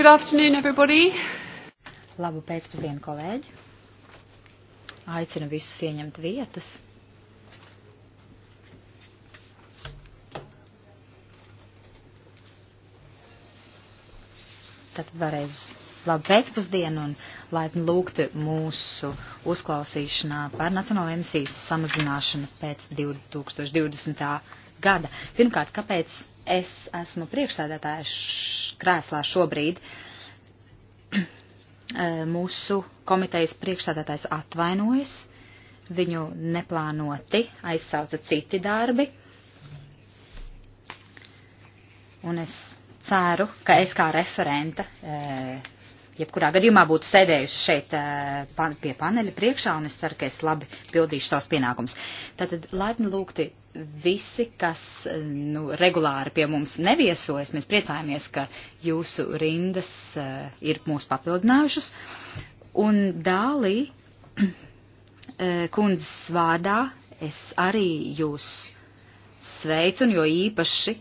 Good afternoon, everybody. Labu pēcpusdienu, kolēģi. Aicinu visus ieņemt vietas. Tad varēs labu pēcpusdienu un laipni lūgti mūsu uzklausīšanā par nacionālo emisijas samazināšanu pēc 2020. gada. Pirmkārt, kāpēc es esmu priekšsēdētājs krēslā šobrīd. Eh, mūsu komitejas priekšsēdētājs atvainojas, viņu neplānoti aizsauca citi darbi. Un es ceru, ka es kā referenta eh, jebkurā gadījumā būtu sēdējuši šeit eh, pie paneļa priekšā, un es ceru, ka es labi pildīšu savus pienākumus. Tātad laipni lūgti visi, kas eh, nu, regulāri pie mums neviesojas. Mēs priecājamies, ka jūsu rindas eh, ir mūs papildinājušas. Un dālī kundzes vārdā es arī jūs sveicu, un jo īpaši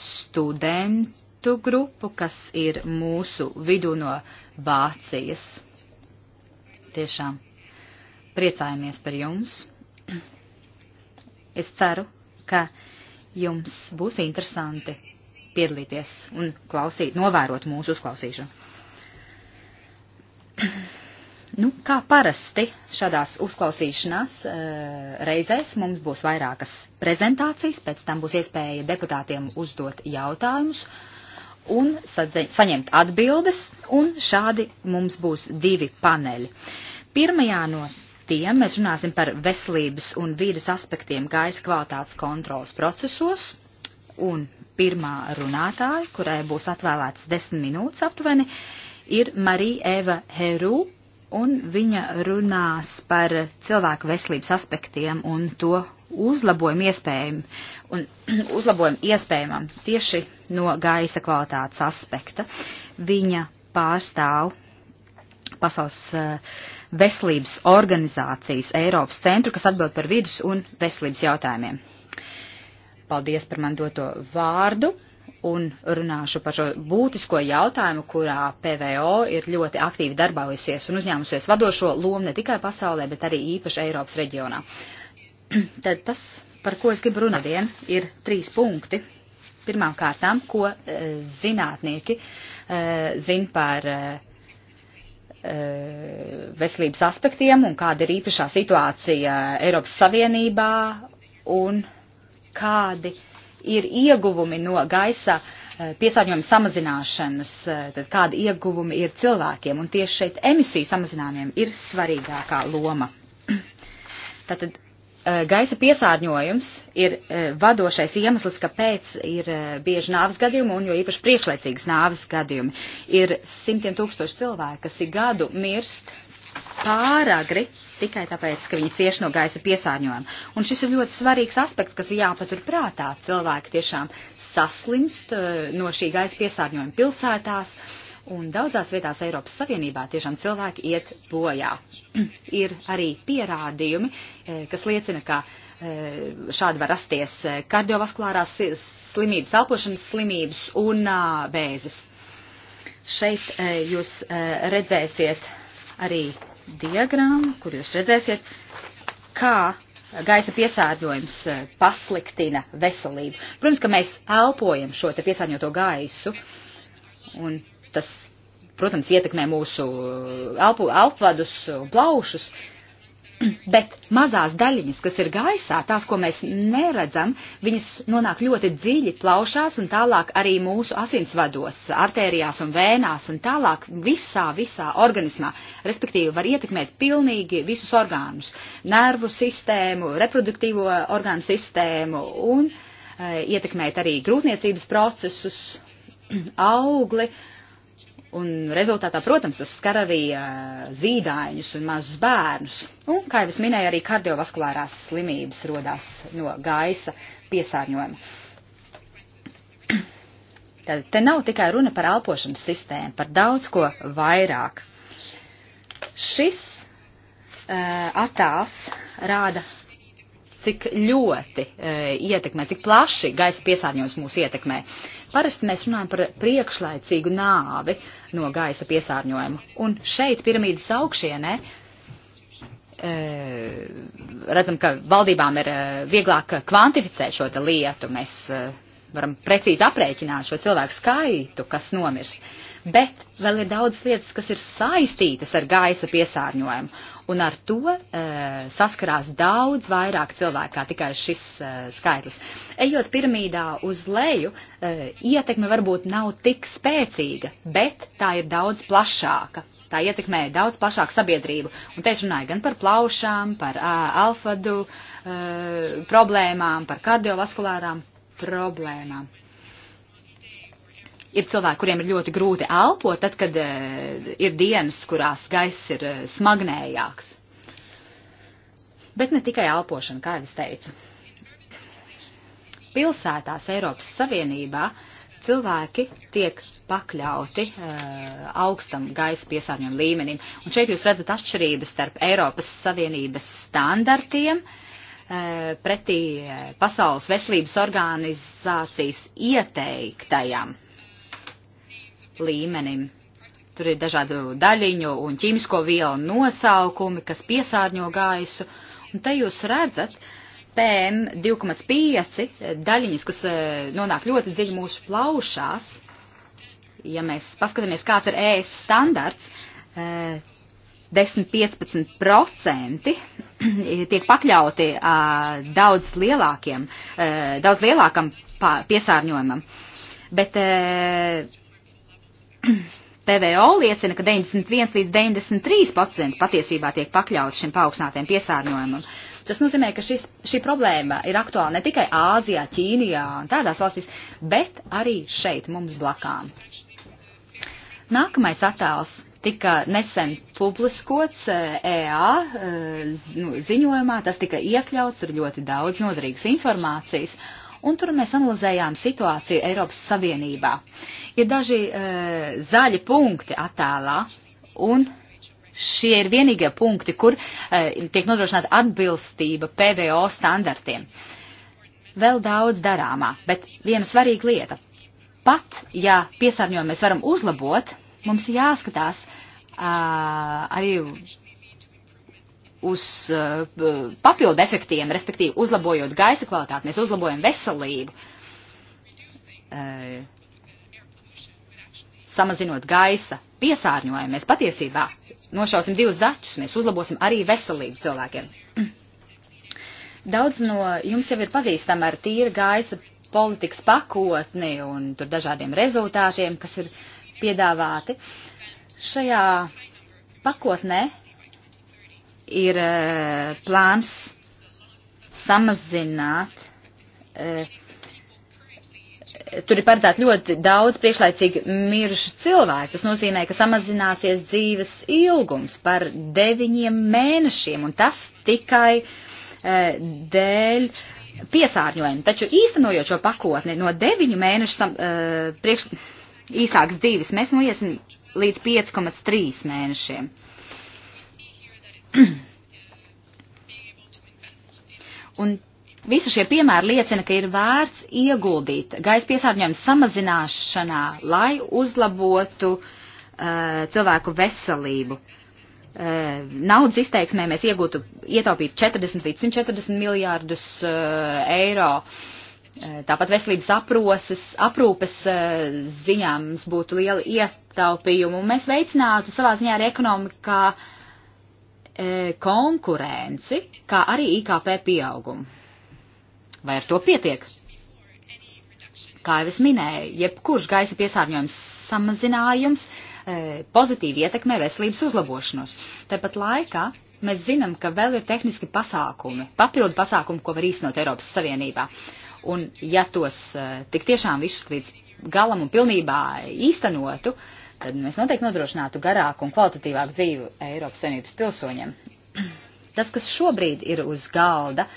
studentu citu grupu, kas ir mūsu vidū no Vācijas. Tiešām priecājamies par jums. Es ceru, ka jums būs interesanti piedalīties un klausīt, novērot mūsu uzklausīšanu. Nu, kā parasti šādās uzklausīšanās eh, reizēs mums būs vairākas prezentācijas, pēc tam būs iespēja deputātiem uzdot jautājumus. Uh, un saņemt atbildes, un šādi mums būs divi paneļi. Pirmajā no tiem mēs runāsim par veselības un vīdes aspektiem gaisa kvalitātes kontrolas procesos, un pirmā runātāja, kurai būs atvēlētas desmit minūtes aptuveni, ir Marija Eva Herūp, un viņa runās par cilvēku veselības aspektiem un to uzlabojumu iespējam un uzlabojumu iespējamam tieši no gaisa kvalitātes aspekta. Viņa pārstāv Pasaules eh, veselības organizācijas Eiropas centru, kas atbild par vidus un veselības jautājumiem. Paldies par man doto vārdu un runāšu par šo būtisko jautājumu, kurā PVO ir ļoti aktīvi darbojusies un uzņēmusies vadošo lomu ne tikai pasaulē, bet arī īpaši Eiropas reģionā. Tad tas, par ko es gribu runāt dien, ir trīs punkti. Pirmām kārtām, ko e, zinātnieki e, zin par e, e veselības aspektiem un kāda ir īpašā situācija Eiropas Savienībā un kādi uh, ir ieguvumi no gaisa eh, piesārņojuma samazināšanas, eh, tad kādi ieguvumi ir cilvēkiem, un tieši šeit emisiju samazinājumiem ir svarīgākā loma. Tātad eh, gaisa piesārņojums ir vadošais iemesls, kāpēc ir bieži nāves gadījumi, un jo īpaši priekšlaicīgas nāves gadījumi. Ir simtiem tūkstoši cilvēku, kas ik gadu mirst pāragri tikai tāpēc, ka viņi cieš no gaisa piesārņojuma. Un šis ir ļoti svarīgs aspekts, kas jāpatur prātā. Cilvēki tiešām saslimst eh, no šī gaisa piesārņojuma pilsētās. Un daudzās vietās Eiropas Savienībā tiešām cilvēki iet bojā. ir arī pierādījumi, eh, kas liecina, ka eh, šādi var rasties kardiovaskulārās slimības, elpošanas slimības un vēzis. Šeit jūs redzēsiet arī diagrammu, kur jūs redzēsiet, kā gaisa piesārņojums e, pasliktina veselību. Protams, ka mēs elpojam šo te piesārņoto gaisu, un tas, protams, ietekmē mūsu e, elpu, elpvadus un plaušus, uh, Bet mazās daļiņas, kas ir gaisā, tās, ko mēs neredzam, viņas nonāk ļoti dziļi plaušās un tālāk arī mūsu asinsvados, artērijās un vēnās un tālāk visā, visā organismā. Respektīvi var ietekmēt pilnīgi visus orgānus - nervu sistēmu, reproduktīvo orgānu sistēmu un e, ietekmēt arī grūtniecības procesus, augli. E, Un rezultātā, protams, tas skar arī uh, zīdaiņus un mazus bērnus. Un, kā jau es minēju, arī kardiovaskulārās slimības rodās no gaisa piesārņojuma. Tad te nav tikai runa par elpošanas sistēmu, par daudz ko vairāk. Šis uh, attēls rāda, cik ļoti uh, ietekmē, cik plaši gaisa piesārņojums mūs ietekmē. Uh, Parasti mēs runājam par priekšlaicīgu nāvi no gaisa piesārņojuma. Un šeit piramīdas augšienē e, redzam, ka valdībām ir e, vieglāk kvantificēt šo lietu. Mēs e, varam precīzi aprēķināt šo cilvēku skaitu, kas nomirst. Bet vēl ir daudz lietas, kas ir saistītas ar gaisa piesārņojumu un ar to e, saskarās daudz vairāk cilvēku kā tikai šis e, skaitlis. Ejot piramīdā uz leju, e, ietekme varbūt nav tik spēcīga, bet tā ir daudz plašāka. Tā ietekmē daudz plašāku sabiedrību. Un te es runāju gan par plaušām, par a, alfadu a, problēmām, par kardiovaskulārām problēmām. Ir cilvēki, kuriem ir ļoti grūti elpot, tad, kad eh, ir dienas, kurās gaiss ir eh, smagnējāks. Bet ne tikai elpošana, kā jau es teicu. Pilsētās Eiropas Savienībā cilvēki tiek pakļauti uh, augstam gaisa piesārņojuma līmenim. Un šeit jūs redzat atšķirības starp Eiropas Savienības standartiem uh, pretī Pasaules veselības organizācijas ieteiktajam līmenim. Tur ir dažādu daļiņu un ķīmisko vielu nosaukumi, kas piesārņo gaisu. Un te jūs redzat PM2,5 daļiņas, kas e, nonāk ļoti dziļi mūsu plaušās. Ja mēs paskatāmies, kāds ir ES standarts, 10-15% e, tiek pakļauti daudz lielākiem, e, daudz lielākam piesārņojumam. Bet PVO liecina, ka 91 līdz 93% patiesībā tiek pakļauts šim paaugstinātiem piesārņojumam. Tas nozīmē, ka šis, šī problēma ir aktuāla ne tikai Āzijā, Ķīnijā un tādās valstīs, bet arī šeit mums blakām. Nākamais attēls tika nesen publiskots EA eh, e eh, nu, ziņojumā, tas tika iekļauts ar ļoti daudz noderīgas informācijas un tur mēs analizējām situāciju Eiropas Savienībā. Ir daži e, zaļi punkti attēlā, un šie ir vienīgie punkti, kur e, tiek nodrošināta atbilstība PVO standartiem. Vēl daudz darāmā, bet viena svarīga lieta. Pat, ja piesārņojumu mēs varam uzlabot, mums jāskatās, Uh, arī uz uh, papildu efektiem, respektīvi uzlabojot gaisa kvalitāti, mēs uzlabojam veselību, uh, samazinot gaisa piesārņojumu, mēs patiesībā nošausim divus zaķus, mēs uzlabosim arī veselību cilvēkiem. Daudz no jums jau ir pazīstama ar tīra gaisa politikas pakotni un tur dažādiem rezultātiem, kas ir piedāvāti. Šajā pakotnē ir e, plāns samazināt. E, tur ir paredzēt ļoti daudz priekšlaicīgi mirušu cilvēku. Tas nozīmē, ka samazināsies dzīves ilgums par deviņiem mēnešiem, un tas tikai e, dēļ piesārņojuma. Taču īstenojot šo pakotni no deviņu mēnešu sam, priekš īsākas dzīves, mēs noiesim līdz 5,3 mēnešiem. Uh, Un visi šie piemēri liecina, ka ir vērts ieguldīt gaisa piesārņojumu samazināšanā, lai uzlabotu uh, cilvēku veselību. Uh, naudas izteiksmē mēs iegūtu, ietaupītu 40 līdz 140 miljārdus uh, eiro. Uh, tāpat veselības aproses, aprūpes ziņā mums būtu liela ietaupījuma, un mēs veicinātu savā ziņā arī ekonomikā uh, E, konkurenci, kā arī IKP pieaugumu. Vai ar to pietiek? Kā jau es minēju, jebkurš gaisa piesārņojums samazinājums e, pozitīvi ietekmē veselības uzlabošanos. Tāpat laikā mēs zinām, ka vēl ir tehniski pasākumi, papildu pasākumi, ko var īstenot Eiropas Savienībā. Un ja tos e, tik tiešām visus līdz galam un pilnībā īstenotu, uh, tad mēs noteikti nodrošinātu garāku un kvalitatīvāku dzīvi Eiropas Savienības pilsoņiem. Tas, kas šobrīd ir uz galda,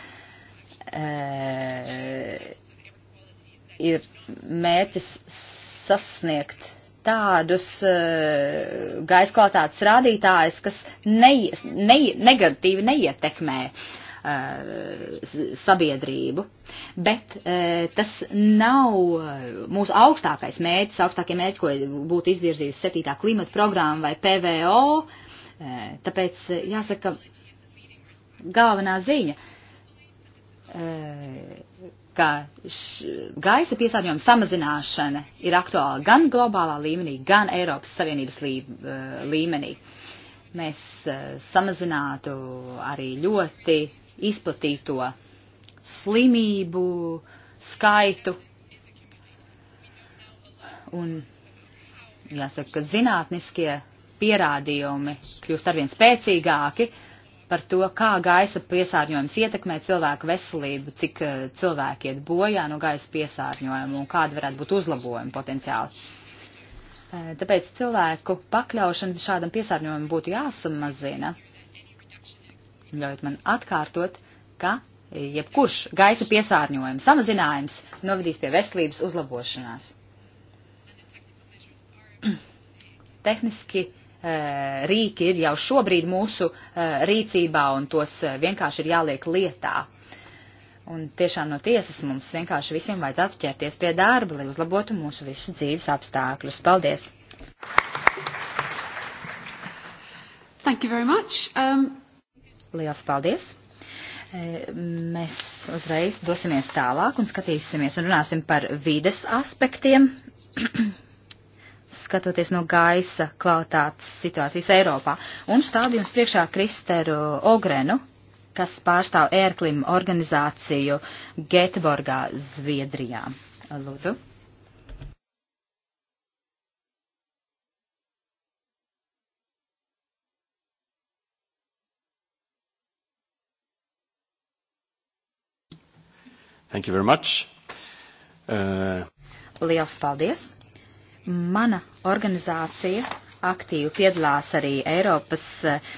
e, ir mērķis sasniegt tādus e, gaisa kvalitātes rādītājus, kas ne, ne, negatīvi neietekmē e, Uh, sabiedrību. Bet uh, tas nav uh, mūsu augstākais mērķis, augstākie mērķi, ko būtu izvirzījusi 7. klimata programma vai PVO. Tāpēc jāsaka, galvenā ziņa ka š, gaisa piesārņojuma samazināšana ir aktuāla gan globālā līmenī, gan Eiropas Savienības lī, līmenī. Mēs samazinātu arī ļoti izplatīto slimību skaitu. Un jāsaka, ka zinātniskie pierādījumi kļūst arvien spēcīgāki par to, kā gaisa piesārņojums ietekmē cilvēku veselību, cik eh, cilvēki iet bojā no gaisa piesārņojuma un kāda varētu būt uzlabojuma potenciāli. Eh, tāpēc cilvēku pakļaušana šādam piesārņojumam būtu jāsamazina. Ļaujiet man atkārtot, ka jebkurš gaisa piesārņojums, samazinājums novedīs pie veselības uzlabošanās. Tehniski e, rīki ir jau šobrīd mūsu e, rīcībā un tos e, vienkārši ir jāliek lietā. Un tiešām no tiesas mums vienkārši visiem vajadzētu ķerties pie darba, lai uzlabotu mūsu visu dzīves apstākļus. Paldies! Thank you very much. Um... Liels paldies! E, mēs uzreiz dosimies tālāk un skatīsimies un runāsim par vides aspektiem, skatoties no gaisa kvalitātes situācijas Eiropā. Un stādu jums priekšā Kristeru Ogrenu, kas pārstāv ērklim organizāciju Getborgā, Zviedrijā. Lūdzu. Thank you very much. Uh... Liels paldies! Mana organizācija aktīvi piedalās arī Eiropas uh,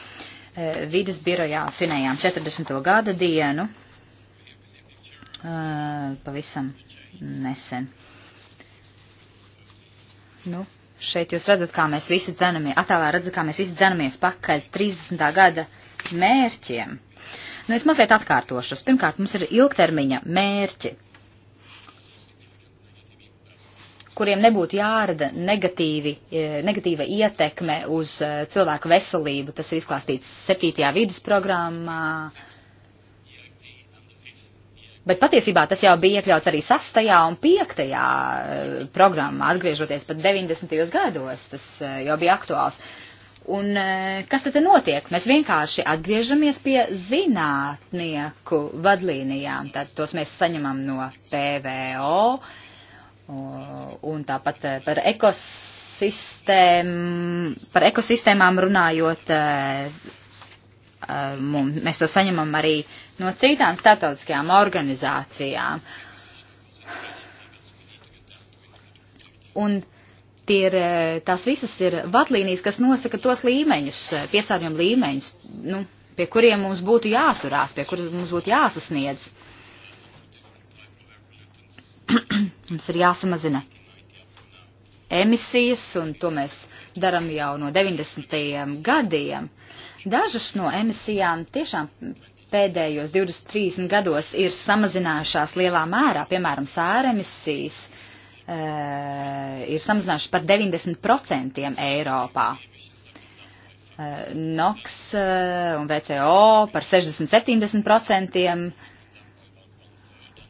vidas birojā svinējām 40. gada dienu uh, pavisam nesen. Nu, šeit jūs redzat, kā mēs visi dzenamies, attēlā redzat, kā mēs visi dzenamies pakaļ 30. gada mērķiem. Uh, Nu, es mazliet atkārtošos. Pirmkārt, mums ir ilgtermiņa mērķi, kuriem nebūtu jārada negatīvi, e, negatīva ietekme uz e, cilvēku veselību. Tas ir izklāstīts 7. vidas programmā. Bet patiesībā tas jau bija iekļauts arī 6. un 5. E, programmā, atgriežoties pat 90. gados, tas jau bija aktuāls. Un e, kas tad notiek? Mēs vienkārši atgriežamies pie zinātnieku vadlīnijām. Tad tos mēs saņemam no PVO un tāpat e, par, ekosistēm, par ekosistēmām runājot. E, mēs to saņemam arī no citām starptautiskajām organizācijām. Un Tie ir, e, tās visas ir vadlīnijas, kas nosaka tos līmeņus, e, piesārņojumu līmeņus, nu, pie kuriem mums būtu jāturās, pie kuriem mums būtu jāsasniedz. mums ir jāsamazina emisijas, un to mēs darām jau no 90. gadiem. Dažas no emisijām tiešām pēdējos 23 gados ir samazinājušās lielā mērā, piemēram, sāra emisijas, Eh, ir samazinājuši par 90% Eiropā. Eh, NOX eh, un VCO par 60-70%,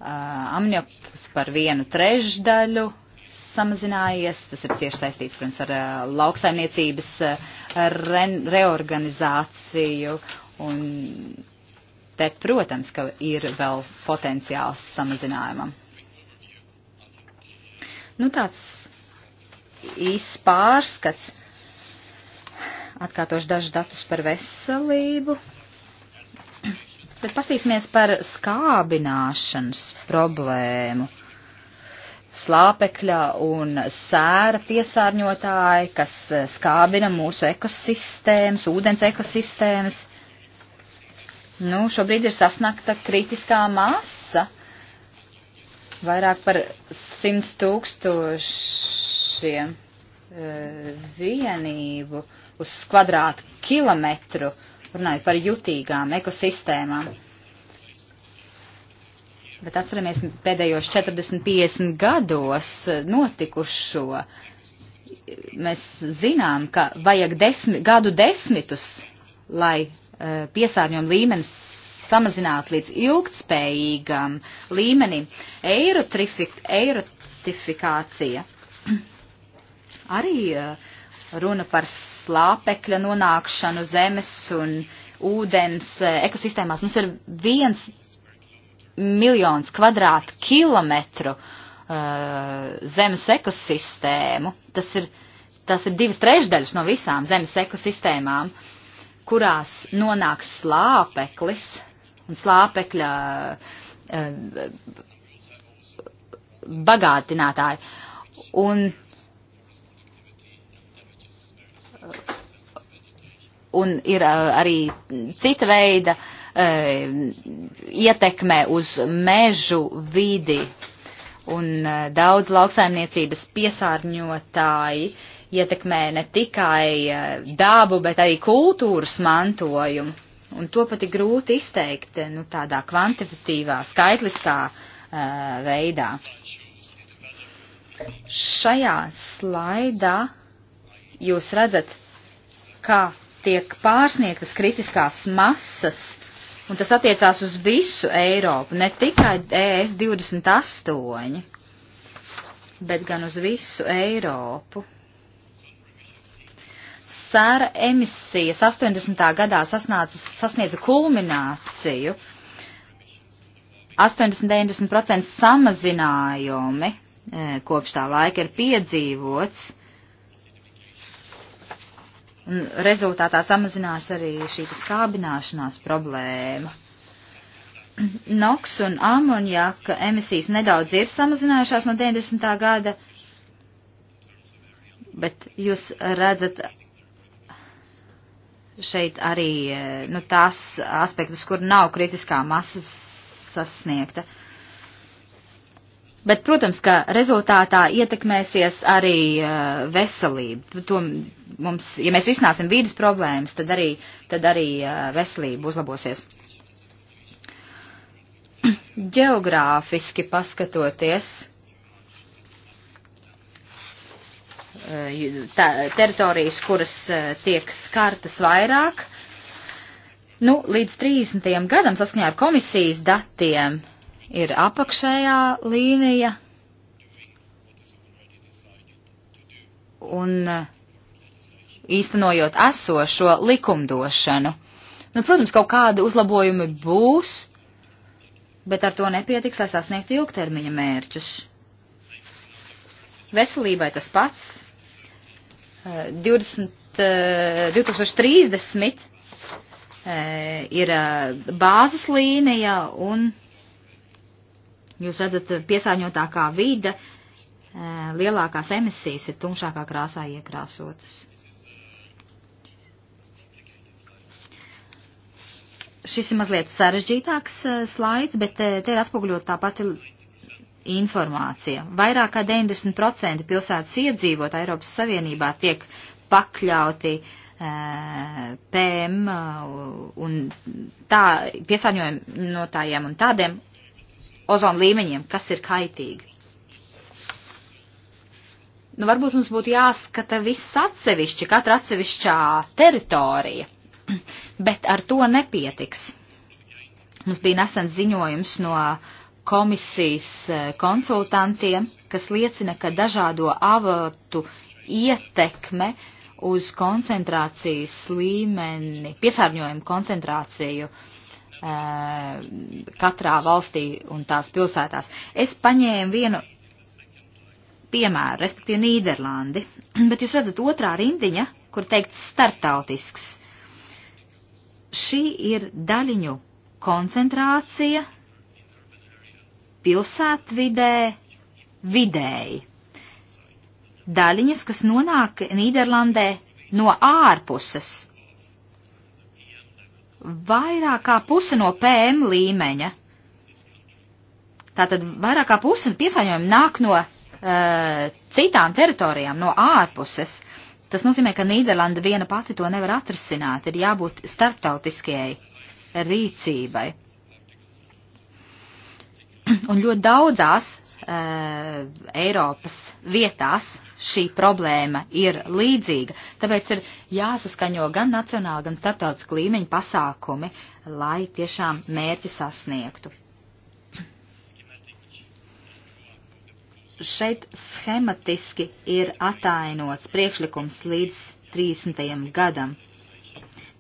amnioks par vienu trešdaļu samazinājies, tas ir cieši saistīts, protams, ar lauksaimniecības re reorganizāciju un te, protams, ka ir vēl potenciāls samazinājumam. Nu, tāds īsts pārskats. Atkārtošu dažus datus par veselību. Bet pastīsimies par skābināšanas problēmu slāpekļa un sēra piesārņotāji, kas skābina mūsu ekosistēmas, ūdens ekosistēmas. Nu, šobrīd ir sasnakta kritiskā masa vairāk par 100 tūkstošiem e, vienību uz kvadrātu kilometru, runājot par jutīgām ekosistēmām. Bet atceramies pēdējos 40-50 gados e, notikušo. Mēs zinām, ka vajag desmi, gadu desmitus, lai uh, e, piesārņojuma līmenis samazināt līdz ilgtspējīgam līmenim. Eirotrifikācija arī eh, runa par slāpekļa nonākšanu zemes un ūdens eh, ekosistēmās. Mums ir viens miljons kvadrātkilometru uh, zemes ekosistēmu. Tas ir, tas ir divas trešdaļas no visām zemes ekosistēmām, kurās nonāk slāpeklis, un slāpekļa eh, bagātinātāji. Un, un ir eh, arī cita veida eh, ietekme uz mežu vidi. Un daudz lauksaimniecības piesārņotāji ietekmē ne tikai dabu, bet arī kultūras mantojumu. Un to pat ir grūti izteikt eh, nu, tādā kvantifitīvā, skaitliskā uh, veidā. Šajā slaidā jūs redzat, kā tiek pārsniegtas kritiskās masas, un tas attiecās uz visu Eiropu, ne tikai e ES 28, bet gan uz visu Eiropu sēra emisijas 80. gadā sasnāca, sasniedza kulmināciju. 80-90% samazinājumi e, kopš tā laika ir piedzīvots. Un rezultātā samazinās arī šī skābināšanās problēma. Noks un amonjaka emisijas nedaudz ir samazinājušās no 90. gada, bet jūs redzat šeit arī eh, nu, tās aspektus, kur nav kritiskā masa sasniegta. Bet, protams, ka rezultātā ietekmēsies arī eh, veselība. To mums, ja mēs iznāsim vīdes problēmas, tad arī, tad arī eh, veselība uzlabosies. Geogrāfiski paskatoties, Eh, tā, teritorijas, kuras eh, tiek skartas vairāk. Nu, līdz 30. gadam saskaņā ar komisijas datiem ir apakšējā līnija. Un eh, īstenojot esošo likumdošanu. Nu, protams, kaut kādi uzlabojumi būs, bet ar to nepietiks, lai sasniegtu ilgtermiņa mērķus. Veselībai tas pats. 20, 2030 eh, eh, ir eh, bāzes līnija un jūs redzat piesārņotākā vide, lielākās emisijas ir tumšākā krāsā iekrāsotas. Šis ir mazliet sarežģītāks slaids, bet te ir atspoguļot tā pati informācija. Vairāk kā 90% pilsētas iedzīvot Eiropas Savienībā tiek pakļauti eh, PM e, un tā piesārņojumi no tājiem un tādiem ozonu līmeņiem, kas ir kaitīgi. Nu, varbūt mums būtu jāskata viss atsevišķi, katra atsevišķā teritorija, bet ar to nepietiks. Mums bija nesen ziņojums no uh, komisijas e, konsultantiem, kas liecina, ka dažādo avotu ietekme uz koncentrācijas līmeni, piesārņojumu koncentrāciju e, katrā valstī un tās pilsētās. Es paņēmu vienu piemēru, respektīvi Nīderlandi, bet jūs redzat otrā rindiņa, kur teikt startautisks. Šī ir daļiņu koncentrācija pilsētvidē vidēji. Daļiņas, kas nonāk Nīderlandē no ārpuses. Vairāk kā puse no PM līmeņa. Tātad vairāk kā puse piesāņojumi nāk no uh, citām teritorijām, no ārpuses. Tas nozīmē, ka Nīderlanda viena pati to nevar atrisināt, ir jābūt starptautiskajai rīcībai. Un ļoti daudzās uh, Eiropas vietās šī problēma ir līdzīga, tāpēc ir jāsaskaņo gan nacionāla, gan starptautiska līmeņa pasākumi, lai tiešām mērķi sasniegtu. Šeit schematiski ir atainots priekšlikums līdz 30. gadam.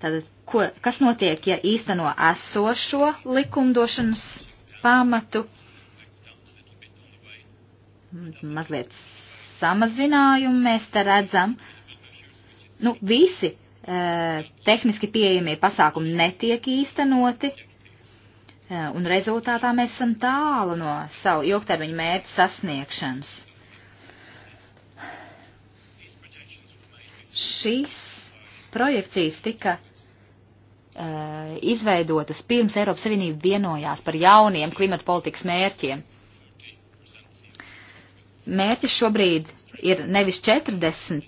Tātad, ko, kas notiek, ja īsteno esošo likumdošanas pamatu mazliet samazinājumu mēs te redzam. Nu, visi e, tehniski pieejamie pasākumi netiek īstenoti, e, un rezultātā mēs esam tālu no savu ilgtermiņu mērķu sasniegšanas. Šīs projekcijas tika Eh, izveidotas pirms Eiropas Savienība vienojās par jauniem klimata politikas mērķiem. Mērķis šobrīd ir nevis 40.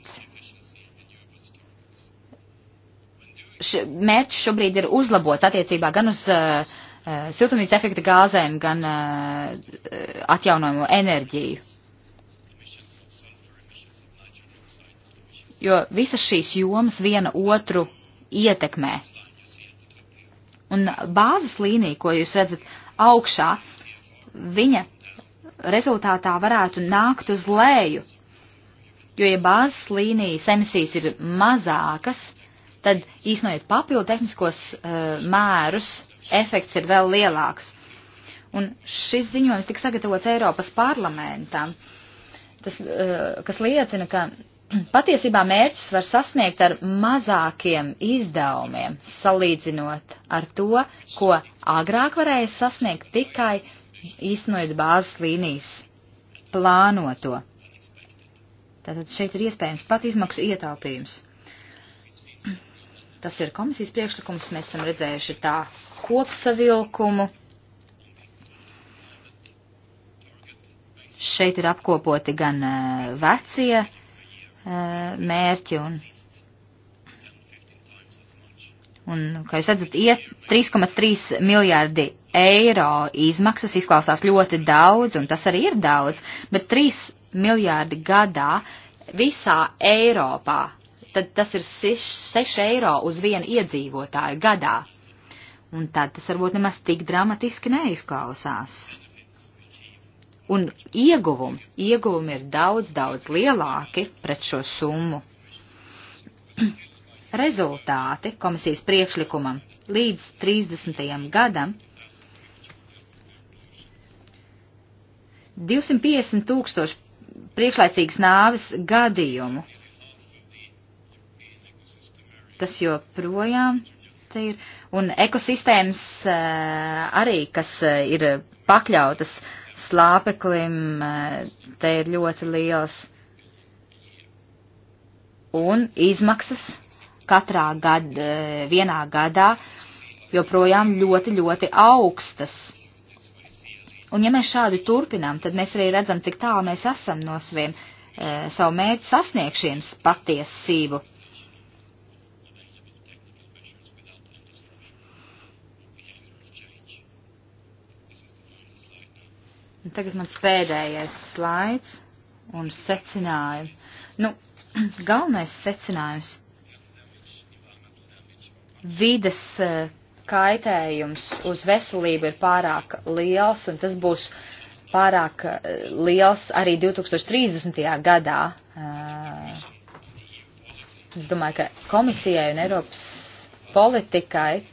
Š, mērķis šobrīd ir uzlabot attiecībā gan uz uh, siltumnīca efekta gāzēm, gan uh, atjaunojumu enerģiju. Jo visas šīs jomas viena otru ietekmē. Un bāzes līnija, ko jūs redzat augšā, viņa rezultātā varētu nākt uz leju. Jo, ja bāzes līnijas emisijas ir mazākas, tad īstenojot papildu tehniskos uh, mērus, efekts ir vēl lielāks. Un šis ziņojums tika sagatavots Eiropas parlamentam, tas, uh, kas liecina, ka Patiesībā mērķus var sasniegt ar mazākiem izdevumiem, salīdzinot ar to, ko agrāk varēja sasniegt tikai īstenojot bāzes līnijas plānoto. Tātad šeit ir iespējams pat izmaksu ietaupījums. Tas ir komisijas priekšlikums, mēs esam redzējuši tā kopsavilkumu. Šeit ir apkopoti gan eh, vecie, uh, Eh, mērķi. Un, un kā jūs redzat, iet 3,3 miljārdi eiro izmaksas izklausās ļoti daudz, un tas arī ir daudz, bet 3 miljārdi gadā visā Eiropā, tad tas ir 6 eiro uz vienu iedzīvotāju gadā. Un tad tas varbūt nemaz tik dramatiski neizklausās un ieguvumi, ieguvumi ir daudz, daudz lielāki pret šo summu. Rezultāti komisijas priekšlikumam līdz 30. gadam 250 tūkstoši priekšlaicīgas nāves gadījumu. Tas joprojām te ir. Un ekosistēmas eh, arī, kas eh, ir pakļautas uh, slāpeklim eh, te ir ļoti liels. Un izmaksas katrā gad, eh, vienā gadā joprojām ļoti, ļoti augstas. Un ja mēs šādi turpinām, tad mēs arī redzam, cik tālu mēs esam no saviem, eh, savu mērķu sasniegšanas patiesību. Nu, tagad mans pēdējais slaids un secinājumi. Nu, galvenais secinājums - vides eh, kaitējums uz veselību ir pārāk liels, un tas būs pārāk eh, liels arī 2030. gadā. Eh, es domāju, ka komisijai un Eiropas politikai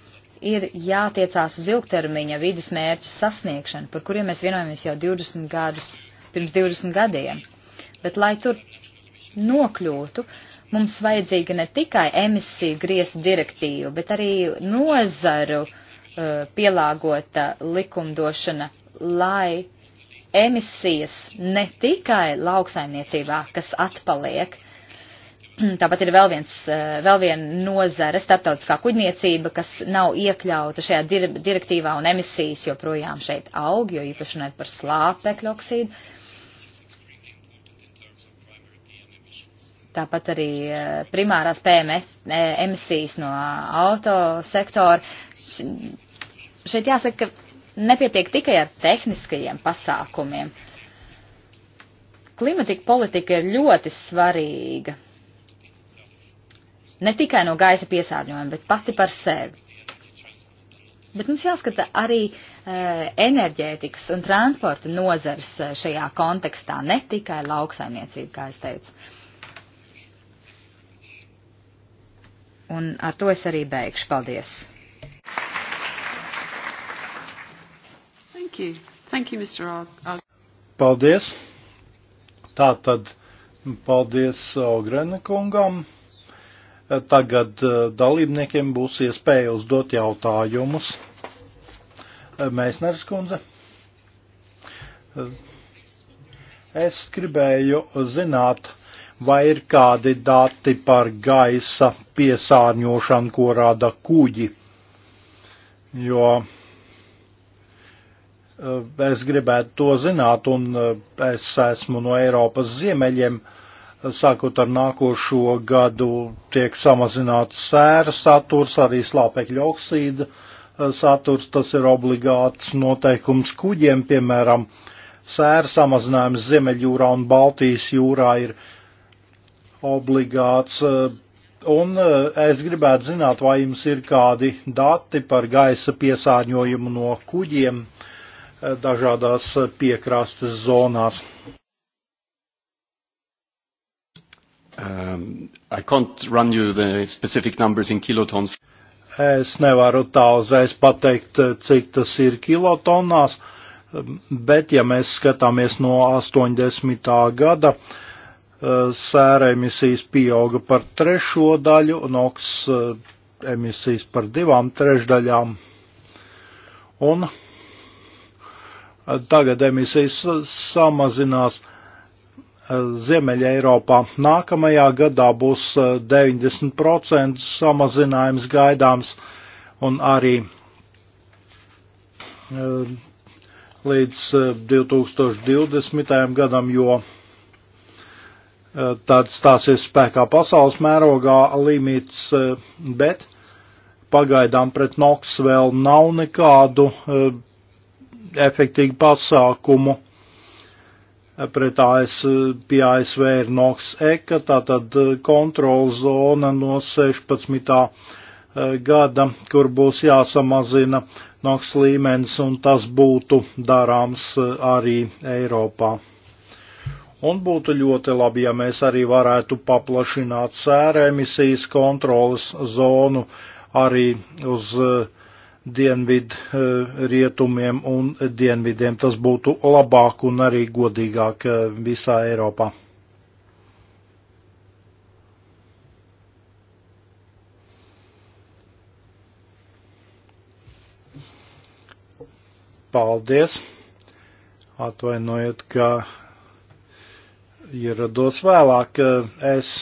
ir jātiecās uz ilgtermiņa vidas mērķu sasniegšanu, par kuriem mēs vienojamies jau 20 gadus, pirms 20 gadiem. Bet, lai tur nokļūtu, mums vajadzīga ne tikai emisiju griestu direktīvu, bet arī nozaru uh, pielāgota likumdošana, lai emisijas ne tikai lauksaimniecībā, kas atpaliek, uh, Tāpat ir vēl, viens, eh, vēl viena nozara, starptautiskā kuģniecība, kas nav iekļauta šajā dir direktīvā un emisijas joprojām šeit aug, jo īpaši runājot par slāpekļu oksīdu. Tāpat arī eh, primārās PMF eh, emisijas no autosektora. Šeit jāsaka, ka nepietiek tikai ar tehniskajiem pasākumiem. Klimatika politika ir ļoti svarīga Ne tikai no gaisa piesārņojuma, bet pati par sevi. Bet mums jāskata arī e, enerģētikas un transporta nozars e, šajā kontekstā, ne tikai lauksaimniecība, kā es teicu. Un ar to es arī beigšu. Paldies! Thank you. Thank you, Mr. Al paldies! Tātad paldies Ogrena kungam! Tagad eh, dalībniekiem būs iespēja uzdot jautājumus. Eh, Mēsners kundze. Eh, es gribēju zināt, vai ir kādi dati par gaisa piesārņošanu, ko rada kuģi. Jo es gribētu to zināt, un es esmu no Eiropas ziemeļiem. Uh, sākot ar nākošo gadu, tiek samazināts sēra saturs, arī slāpekļa oksīda eh, saturs, tas ir obligāts noteikums kuģiem, piemēram, sēra samazinājums Ziemeļjūrā un Baltijas jūrā ir obligāts. Eh, un eh, es gribētu zināt, vai jums ir kādi dati par gaisa piesārņojumu no kuģiem dažādās piekrastes zonās. Um, I can't run you the specific numbers in kilotons. Es nevaru tā uzreiz pateikt, cik tas ir kilotonās, bet ja mēs skatāmies no 80. gada, sēra emisijas pieauga par trešo daļu, NOX emisijas par divām trešdaļām. Un tagad emisijas samazinās Ziemeļa Eiropā. Nākamajā gadā būs 90% eh, samazinājums gaidāms un arī eh, līdz 2020. Eh, gadam, jo tad stāsies spēkā pasaules mērogā līmīts, bet pagaidām pret NOX vēl nav nekādu efektīgu pasākumu pret AS, pie ASV ir NOX eka, tātad eh, kontrolzona no 16. Eh, gada, kur būs jāsamazina NOX līmenis, un tas būtu darāms eh, arī Eiropā. Un būtu ļoti labi, ja mēs arī varētu paplašināt sēra emisijas kontrolas zonu arī uz uh, dienvidu eh, rietumiem un dienvidiem. Tas būtu labāk un arī godīgāk eh, visā Eiropā. Paldies! Atvainojiet, ka ierados vēlāk. Es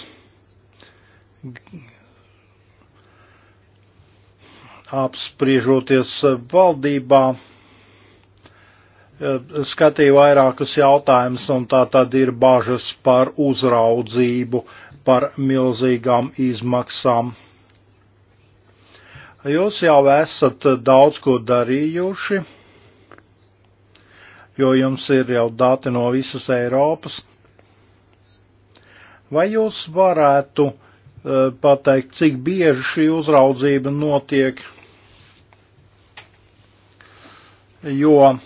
apspriežoties valdībā, eh, skatīja vairākus jautājumus, un tā tad ir bažas par uzraudzību, par milzīgām izmaksām. Jūs jau esat daudz ko darījuši, jo jums ir jau dati no visas Eiropas. Vai jūs varētu uh, pateikt, cik bieži šī uzraudzība notiek? jo,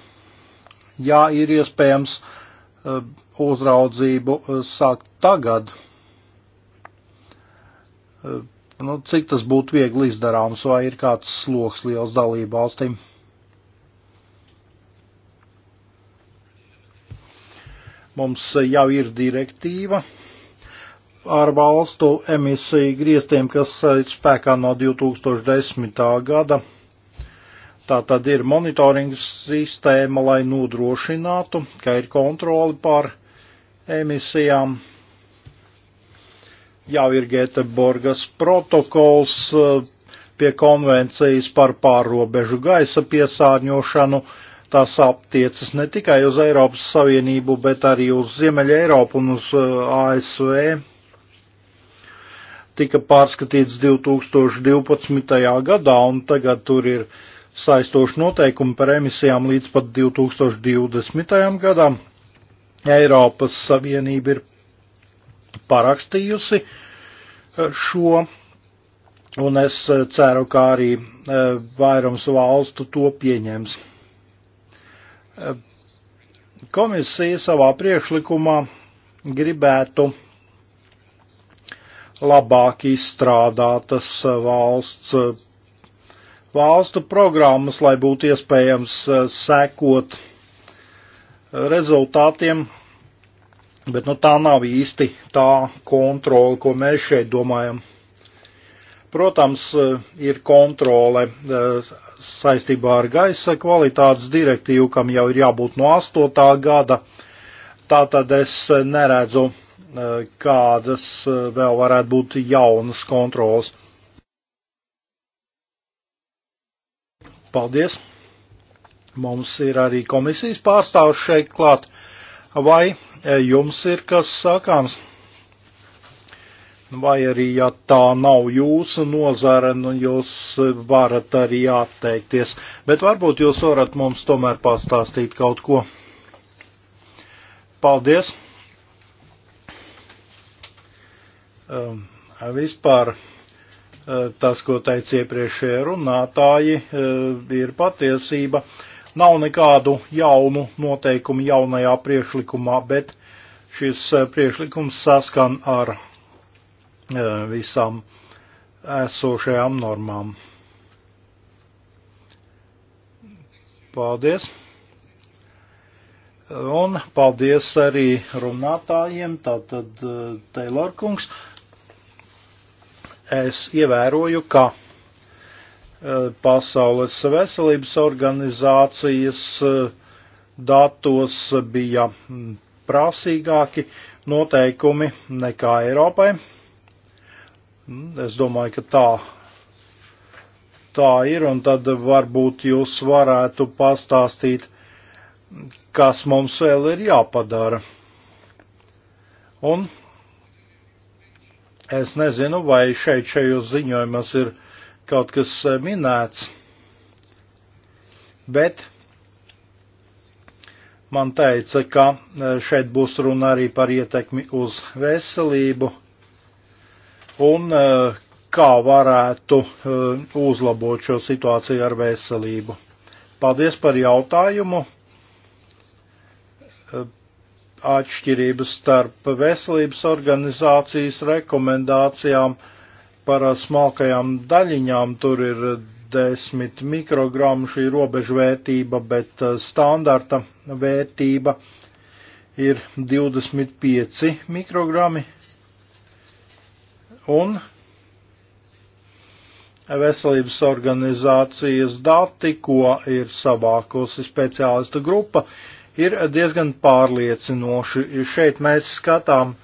ja ir iespējams eh, uzraudzību eh, sākt tagad, eh, nu, cik tas būtu viegli izdarāms, vai ir kāds sloks liels dalību valstīm? Mums jau ir direktīva ar valstu emisiju griestiem, kas ir spēkā no 2010. gada. Tā tad ir monitorings sistēma, lai nodrošinātu, ka ir kontroli pār emisijām. Jau ir Gēteborgas protokols eh, pie konvencijas par pārrobežu gaisa piesārņošanu. Tas aptiecas ne tikai uz Eiropas Savienību, bet arī uz Ziemeļa Eiropu un uz eh, ASV. Tika pārskatīts 2012. gadā, un tagad tur ir uh, saistoši noteikumi par emisijām līdz pat 2020. gadam. Eiropas Savienība ir parakstījusi eh, šo, un es eh, ceru, ka arī eh, vairums valstu to pieņems. Komisija savā priekšlikumā gribētu labāk izstrādātas valsts valstu programmas, lai būtu iespējams eh, sekot eh, rezultātiem, bet nu, tā nav īsti tā kontrola, ko mēs šeit domājam. Protams, eh, ir kontrole saistībā ar gaisa kvalitātes direktīvu, kam jau ir jābūt no 8. gada. Tātad es neredzu, kādas vēl varētu būt jaunas kontrolas. Paldies! Mums ir arī komisijas pārstāvs šeit klāt. Vai e, jums ir kas sakāms? Vai arī, ja tā nav jūsu nozara, nu jūs varat arī atteikties. Bet varbūt jūs varat mums tomēr pastāstīt kaut ko. Paldies! Um, vispār Eh, tas, ko teica iepriekšējie runātāji, eh, ir patiesība. Nav nekādu jaunu noteikumu jaunajā priekšlikumā, bet šis eh, priekšlikums saskan ar visām esošajām normām. Paldies! Un paldies arī runātājiem, tātad Teilorkungs es ievēroju, ka e, Pasaules veselības organizācijas e, datos bija prasīgāki noteikumi nekā Eiropai. Es domāju, ka tā, tā ir, un tad varbūt jūs varētu pastāstīt, kas mums vēl ir jāpadara. Un Es nezinu, vai šeit šajos ziņojumos ir kaut kas eh, minēts, bet man teica, ka eh, šeit būs runa arī par ietekmi uz veselību un eh, kā varētu uzlabot šo situāciju ar veselību. Paldies par jautājumu atšķirības starp veselības organizācijas rekomendācijām par smalkajām daļiņām. Tur ir 10 mikrogramu šī robežvērtība, bet eh, standarta vērtība ir 25 mikrogrami. Un veselības organizācijas dati, ko ir savākusi speciālista grupa, ir diezgan pārliecinoši. Šeit mēs skatām,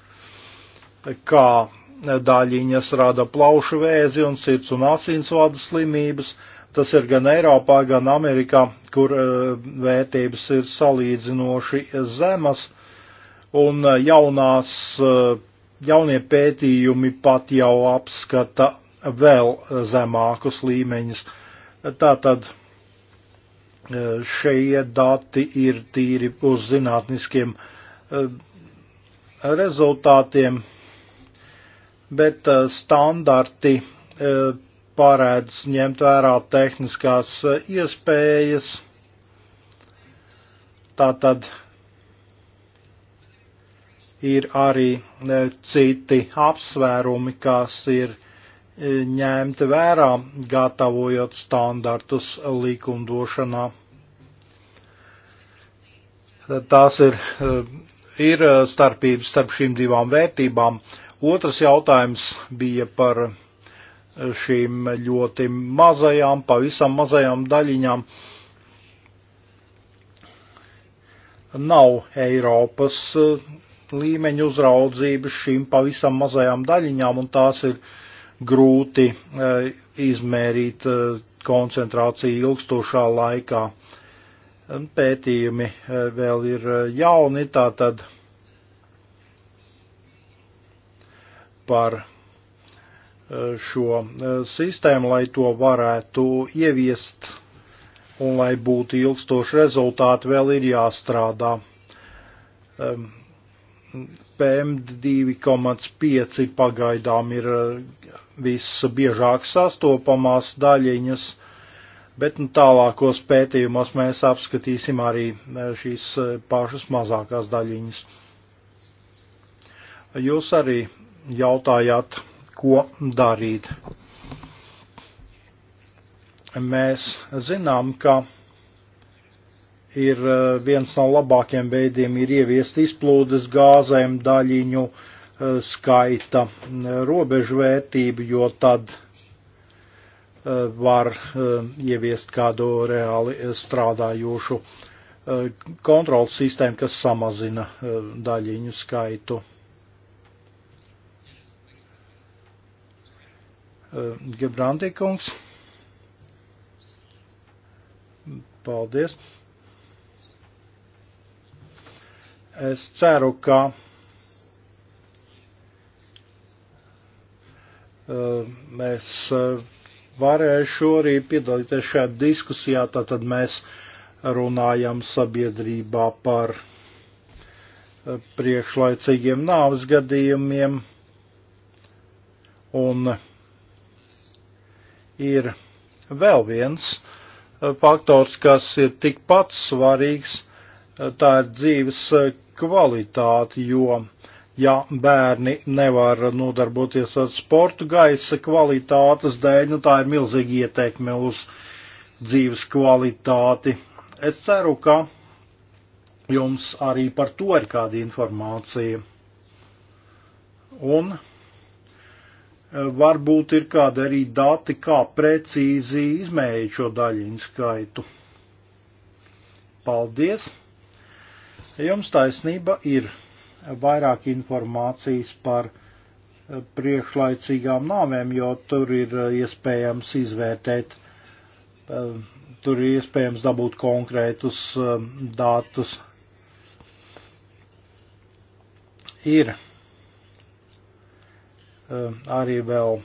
kā daļiņas rada plaušu vēzi un sirds un asinsvadu slimības. Tas ir gan Eiropā, gan Amerikā, kur e, vērtības ir salīdzinoši zemas, un e, jaunās, e, jaunie pētījumi pat jau apskata vēl zemākus līmeņus. Tātad šie dati ir tīri uz zinātniskiem eh, rezultātiem, bet eh, standarti eh, pārēdz ņemt vērā tehniskās iespējas. Tātad ir arī citi apsvērumi, kas ir ņemti vērā, gatavojot standartus likumdošanā. Tās ir, eh, ir eh, starpības starp šīm divām vērtībām. Otrs jautājums bija par eh, šīm ļoti mazajām, pavisam mazajām daļiņām. Nav Eiropas līmeņa uzraudzības šīm pavisam mazajām daļiņām, un tās ir grūti e, izmērīt e, koncentrāciju ilgstošā laikā pētījumi eh, vēl ir eh, jauni, tātad par eh, šo sistēmu, lai to varētu ieviest un lai būtu ilgstoši rezultāti, vēl ir jāstrādā. Ehm, PM2,5 pagaidām ir viss biežāk sastopamās daļiņas bet nu, tālākos pētījumos mēs apskatīsim arī e, šīs e, pašas mazākās daļiņas. Jūs arī jautājāt, ko darīt. Mēs zinām, ka ir e, viens no labākiem veidiem ir ieviest izplūdes gāzēm daļiņu skaita robežvērtību, jo tad uh, var eh, ieviest kādu reāli strādājošu eh, kontrols sistēmu, kas samazina eh, daļiņu skaitu. Gebrandīkungs. Paldies. Es ceru, ka mēs varēšu arī piedalīties šajā diskusijā, tātad mēs runājam sabiedrībā par eh, priekšlaicīgiem nāves gadījumiem un ir vēl viens eh, faktors, kas ir tikpat svarīgs, eh, tā ir dzīves kvalitāte, jo ja bērni nevar nodarboties ar sportu gaisa kvalitātes dēļ, nu tā ir milzīga ieteikme uz dzīves kvalitāti. Es ceru, ka jums arī par to ir kāda informācija. Un e, varbūt ir kāda arī dati, kā precīzi izmērīt šo daļiņu skaitu. Paldies! Jums taisnība ir vairāk informācijas par eh, priekšlaicīgām nāvēm, jo tur ir eh, iespējams izvērtēt, eh, tur ir iespējams dabūt konkrētus datus. Ir arī vēl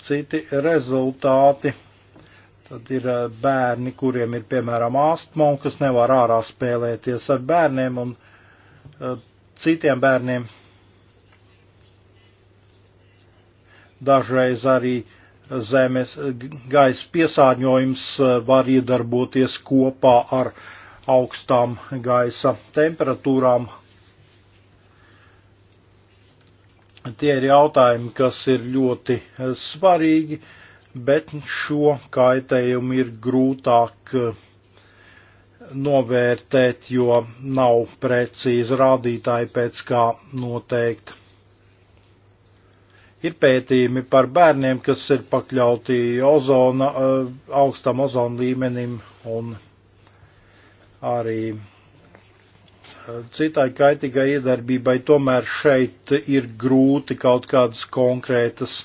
citi rezultāti Tad ir eh, bērni, kuriem ir piemēram astma un kas nevar ārā spēlēties ar bērniem un eh, citiem bērniem. Dažreiz arī zemes gaisa piesārņojums eh, var iedarboties kopā ar augstām gaisa temperatūrām. Tie ir jautājumi, kas ir ļoti svarīgi bet šo kaitējumu ir grūtāk eh, novērtēt, jo nav precīzi rādītāji pēc kā noteikt. Ir pētījumi par bērniem, kas ir pakļauti ozona, eh, augstam ozona līmenim un arī eh, citai kaitīgai iedarbībai, tomēr šeit ir grūti kaut kādas konkrētas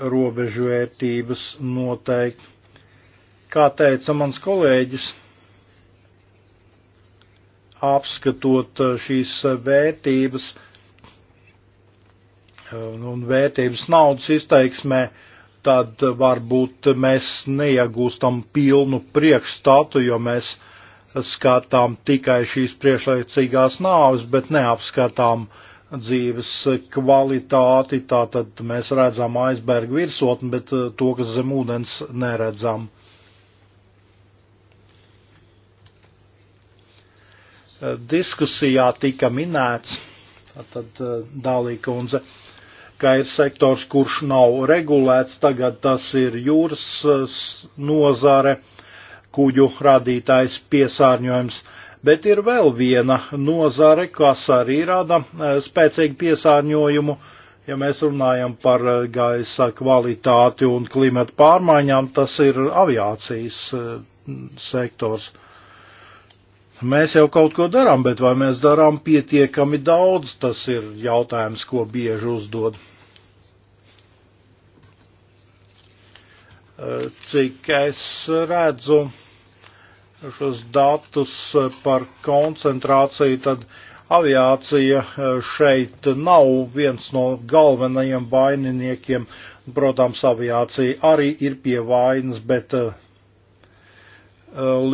robežvērtības noteikti. Kā teica mans kolēģis, apskatot uh, šīs uh, vērtības uh, un vērtības naudas izteiksmē, tad varbūt mēs neiegūstam pilnu priekšstatu, jo mēs skatām tikai šīs priekšlaicīgās nāves, bet neapskatām uh, dzīves kvalitāti, tātad mēs redzam aizbergu virsotni, bet eh, to, kas zem ūdens, neredzam. Eh, diskusijā tika minēts, tātad eh, Dālīkundze, ka ir sektors, kurš nav regulēts, tagad tas ir jūras nozare, kuģu radītājs piesārņojums. Uh, Bet ir vēl viena nozare, kas arī rada e, spēcīgu piesārņojumu. Ja mēs runājam par e, gaisa kvalitāti un klimatu pārmaiņām, tas ir aviācijas e, sektors. Mēs jau kaut ko darām, bet vai mēs darām pietiekami daudz, tas ir jautājums, ko bieži uzdod. Cik es redzu, šos datus par koncentrāciju, tad aviācija šeit nav viens no galvenajiem vaininiekiem. Protams, aviācija arī ir pie vainas, bet eh,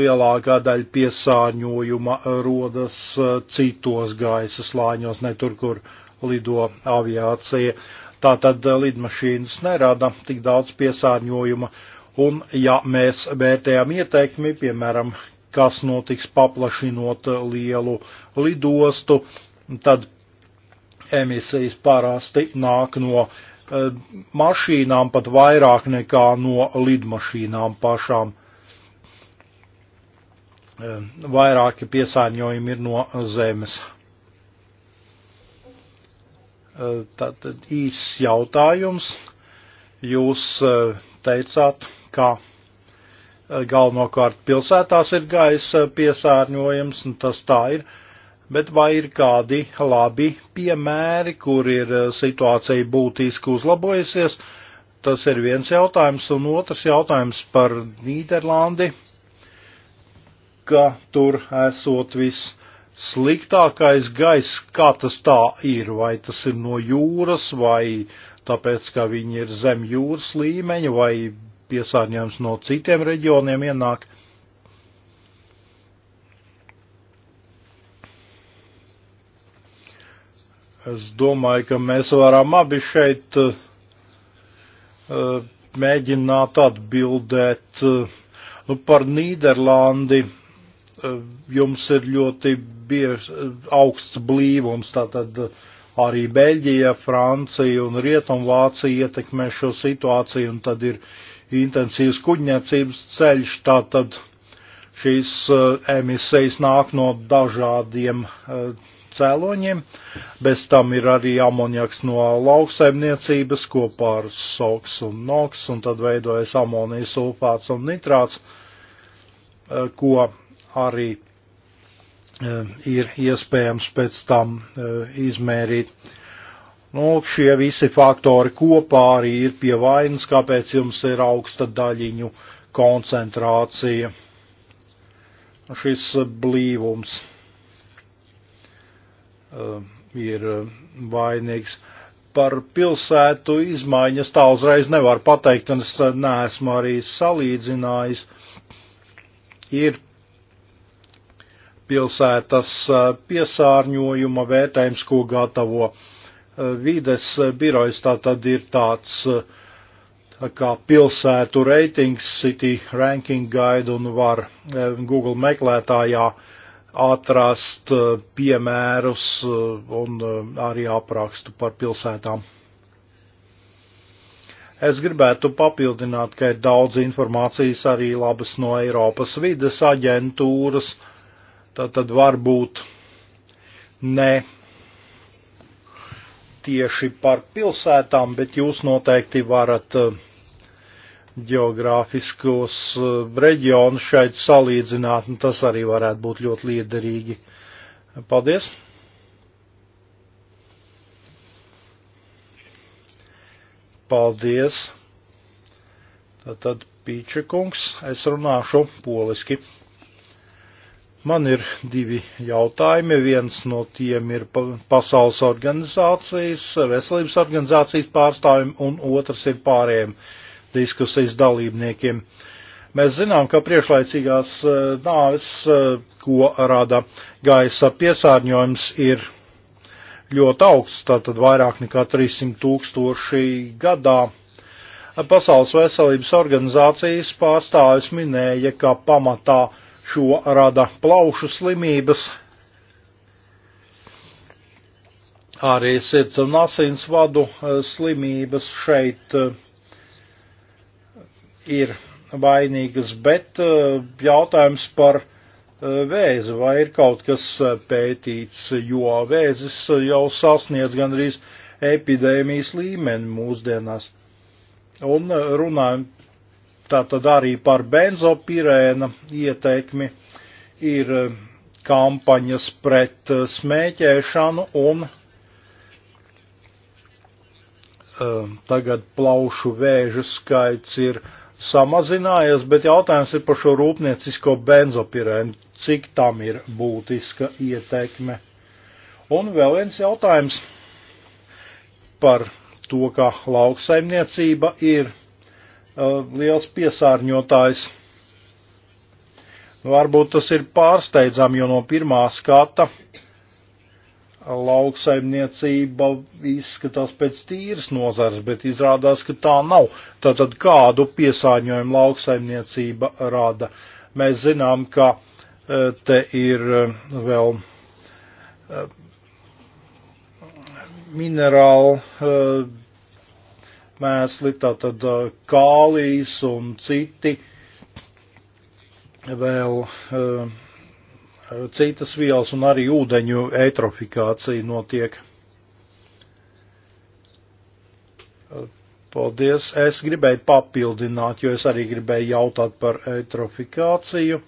lielākā daļa piesārņojuma rodas eh, citos gaisa slāņos, ne tur, kur lido aviācija. Tātad eh, lidmašīnas nerada tik daudz piesārņojuma Un ja mēs vērtējam ieteikmi, piemēram, kas notiks paplašinot lielu lidostu, tad emisijas parasti nāk no eh, mašīnām pat vairāk nekā no lidmašīnām pašām. Eh, vairāki piesārņojumi ir no zemes. Eh, Tātad īsts jautājums. Jūs teicāt, kā eh, galvenokārt pilsētās ir gaisa eh, piesārņojums, un tas tā ir, bet vai ir kādi labi piemēri, kur ir eh, situācija būtiski uzlabojusies, tas ir viens jautājums, un otrs jautājums par Nīderlandi, ka tur esot viss sliktākais gaiss, kā tas tā ir, vai tas ir no jūras, vai tāpēc, ka viņi ir zem jūras līmeņa, vai piesārņojums no citiem reģioniem ienāk. Es domāju, ka mēs varam abi šeit uh, mēģināt atbildēt uh, nu, par Nīderlandi. Uh, jums ir ļoti bieži augsts blīvums, tātad arī Beļģija, Francija un Rietumvācija ietekmē šo situāciju, un tad ir uh, intensīvas kuģniecības ceļš, tātad šīs eh, emisijas nāk no dažādiem eh, cēloņiem, bez tam ir arī amoniaks no lauksaimniecības kopā ar soks un noks, un tad veidojas amonijas sulfāts un nitrāts, eh, ko arī ir iespējams pēc tam izmērīt. Nu, šie visi faktori kopā arī ir pie vainas, kāpēc jums ir augsta daļiņu koncentrācija. Šis blīvums uh, ir vainīgs. Par pilsētu izmaiņas tā uzreiz nevar pateikt, un es neesmu arī salīdzinājis. Ir pilsētas eh, piesārņojuma vērtējums, ko gatavo uh, vides birojs tā tad ir tāds tā kā pilsētu reitings, city ranking guide un var eh, Google meklētājā atrast eh, piemērus eh, un arī aprakstu par pilsētām. Es gribētu papildināt, ka ir daudz informācijas arī labas no Eiropas vides aģentūras, tad, tad varbūt ne tieši par pilsētām, bet jūs noteikti varat eh, geogrāfiskos eh, reģionus šeit salīdzināt, un tas arī varētu būt ļoti liederīgi. Paldies! Paldies! Tātad Pīčekungs, es runāšu poliski. Man ir divi jautājumi. Viens no tiem ir Pasaules organizācijas, veselības organizācijas pārstāvjiem, un otrs ir pārējiem diskusijas dalībniekiem. Mēs zinām, ka priekšlaicīgās eh, nāves, eh, ko rada gaisa piesārņojums, ir ļoti augsts, tātad vairāk nekā 300 tūkstoši gadā. Pasaules veselības organizācijas pārstāvis minēja, ka pamatā Šo rada plaušu slimības, arī sirds un asins vadu eh, slimības šeit eh, ir vainīgas, bet eh, jautājums par vēzi, vai ir kaut kas pētīts, jo vēzis jau sasniedz gandrīz epidēmijas līmeni mūsdienās. Un runājam tātad arī par benzopirēna ieteikmi ir eh, kampaņas pret eh, smēķēšanu un eh, tagad plaušu vēža skaits ir samazinājies, bet jautājums ir par šo rūpniecisko benzopirēnu, cik tam ir būtiska ieteikme. Un vēl viens jautājums par to, ka lauksaimniecība ir Eh, liels piesārņotājs. Varbūt tas ir pārsteidzami, jo no pirmā skata lauksaimniecība izskatās pēc tīras nozars, bet izrādās, ka tā nav. Tātad kādu piesāņojumu lauksaimniecība rada? Mēs zinām, ka eh, te ir eh, vēl minerāli mēsli, tātad uh, kālijas un citi vēl uh, citas vielas un arī ūdeņu eitrofikācija notiek. Uh, paldies. Es gribēju papildināt, jo es arī gribēju jautāt par eitrofikāciju.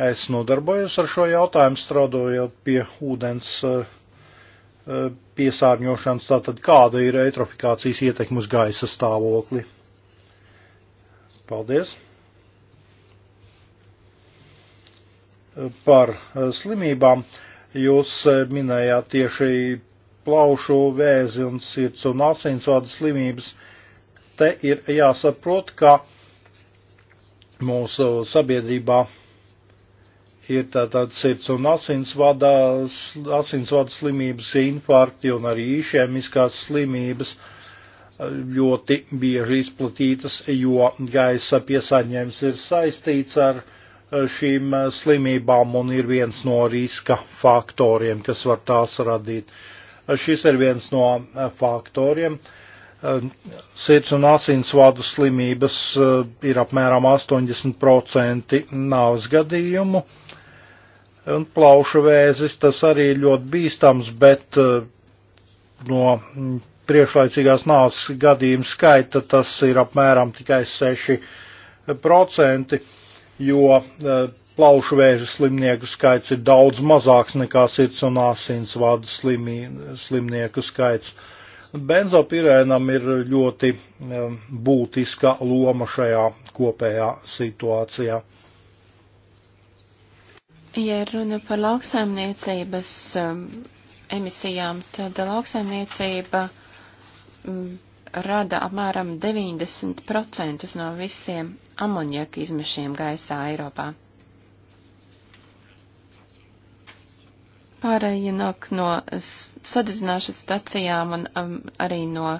Es nodarbojos ar šo jautājumu, strādājot pie ūdens uh, Eh, piesārņošanas, tātad kāda ir eitrofikācijas ietekme uz gaisa stāvokli. Paldies! Eh, par eh, slimībām jūs minējāt tieši plaušu vēzi un sirds un asinsvadu slimības. Te ir jāsaprot, ka mūsu sabiedrībā ir tātad sirds un asinsvada, asinsvada slimības, infarkti un arī išēmiskās slimības eh, ļoti bieži izplatītas, jo gaisa piesaņēmis ir saistīts ar eh, šīm eh, slimībām un ir viens no riska faktoriem, kas var tās radīt. Šis ir viens no faktoriem. Sirds un asinsvadu slimības ir apmēram 80% nāves gadījumu un plaušu vēzis, tas arī ļoti bīstams, bet eh, no priekšlaicīgās nāves gadījumu skaita tas ir apmēram tikai 6%, jo eh, plaušu vēža slimnieku skaits ir daudz mazāks nekā sirds un asinsvadu slimnieku skaits. Benzopirēnam ir ļoti eh, būtiska loma šajā kopējā situācijā. Ja runa par lauksaimniecības um, emisijām, tad lauksaimniecība um, rada apmēram 90% no visiem amoniaka izmešiem gaisā Eiropā. Pārējie nāk no sadedzināšanas stacijām un um, arī no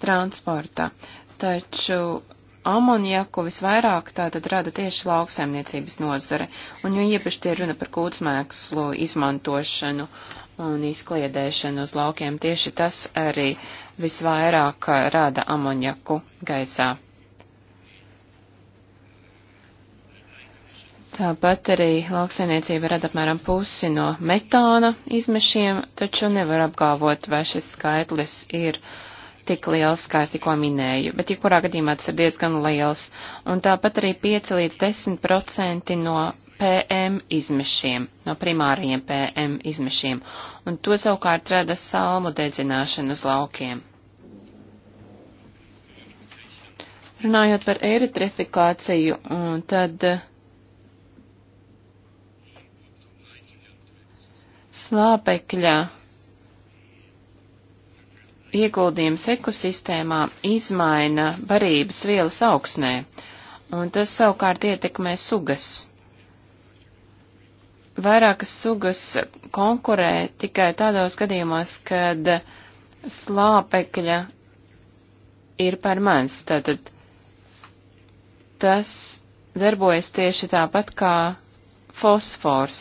transporta, taču amoniaku visvairāk tātad rada tieši lauksaimniecības nozare, un jo iepriekš tie runa par kūtsmēkslu izmantošanu un izkliedēšanu uz laukiem, tieši tas arī visvairāk rada amoniaku gaisā. Tāpat arī lauksainiecība rada apmēram pusi no metāna izmešiem, taču nevar apgalvot, vai šis skaitlis ir uh, tik liels, kā es tikko minēju, bet jebkurā gadījumā tas ir diezgan liels. Un tāpat arī 5 līdz 10 procenti no PM izmešiem, no primārajiem PM izmešiem, un to savukārt rada salmu dedzināšana uz laukiem. Runājot par eritrifikāciju, tad slāpekļa ieguldījums ekosistēmā izmaina barības vielas augsnē, un tas savukārt ietekmē sugas. Vairākas sugas konkurē tikai tādos gadījumos, kad slāpekļa ir par mans, tātad tas darbojas tieši tāpat kā fosfors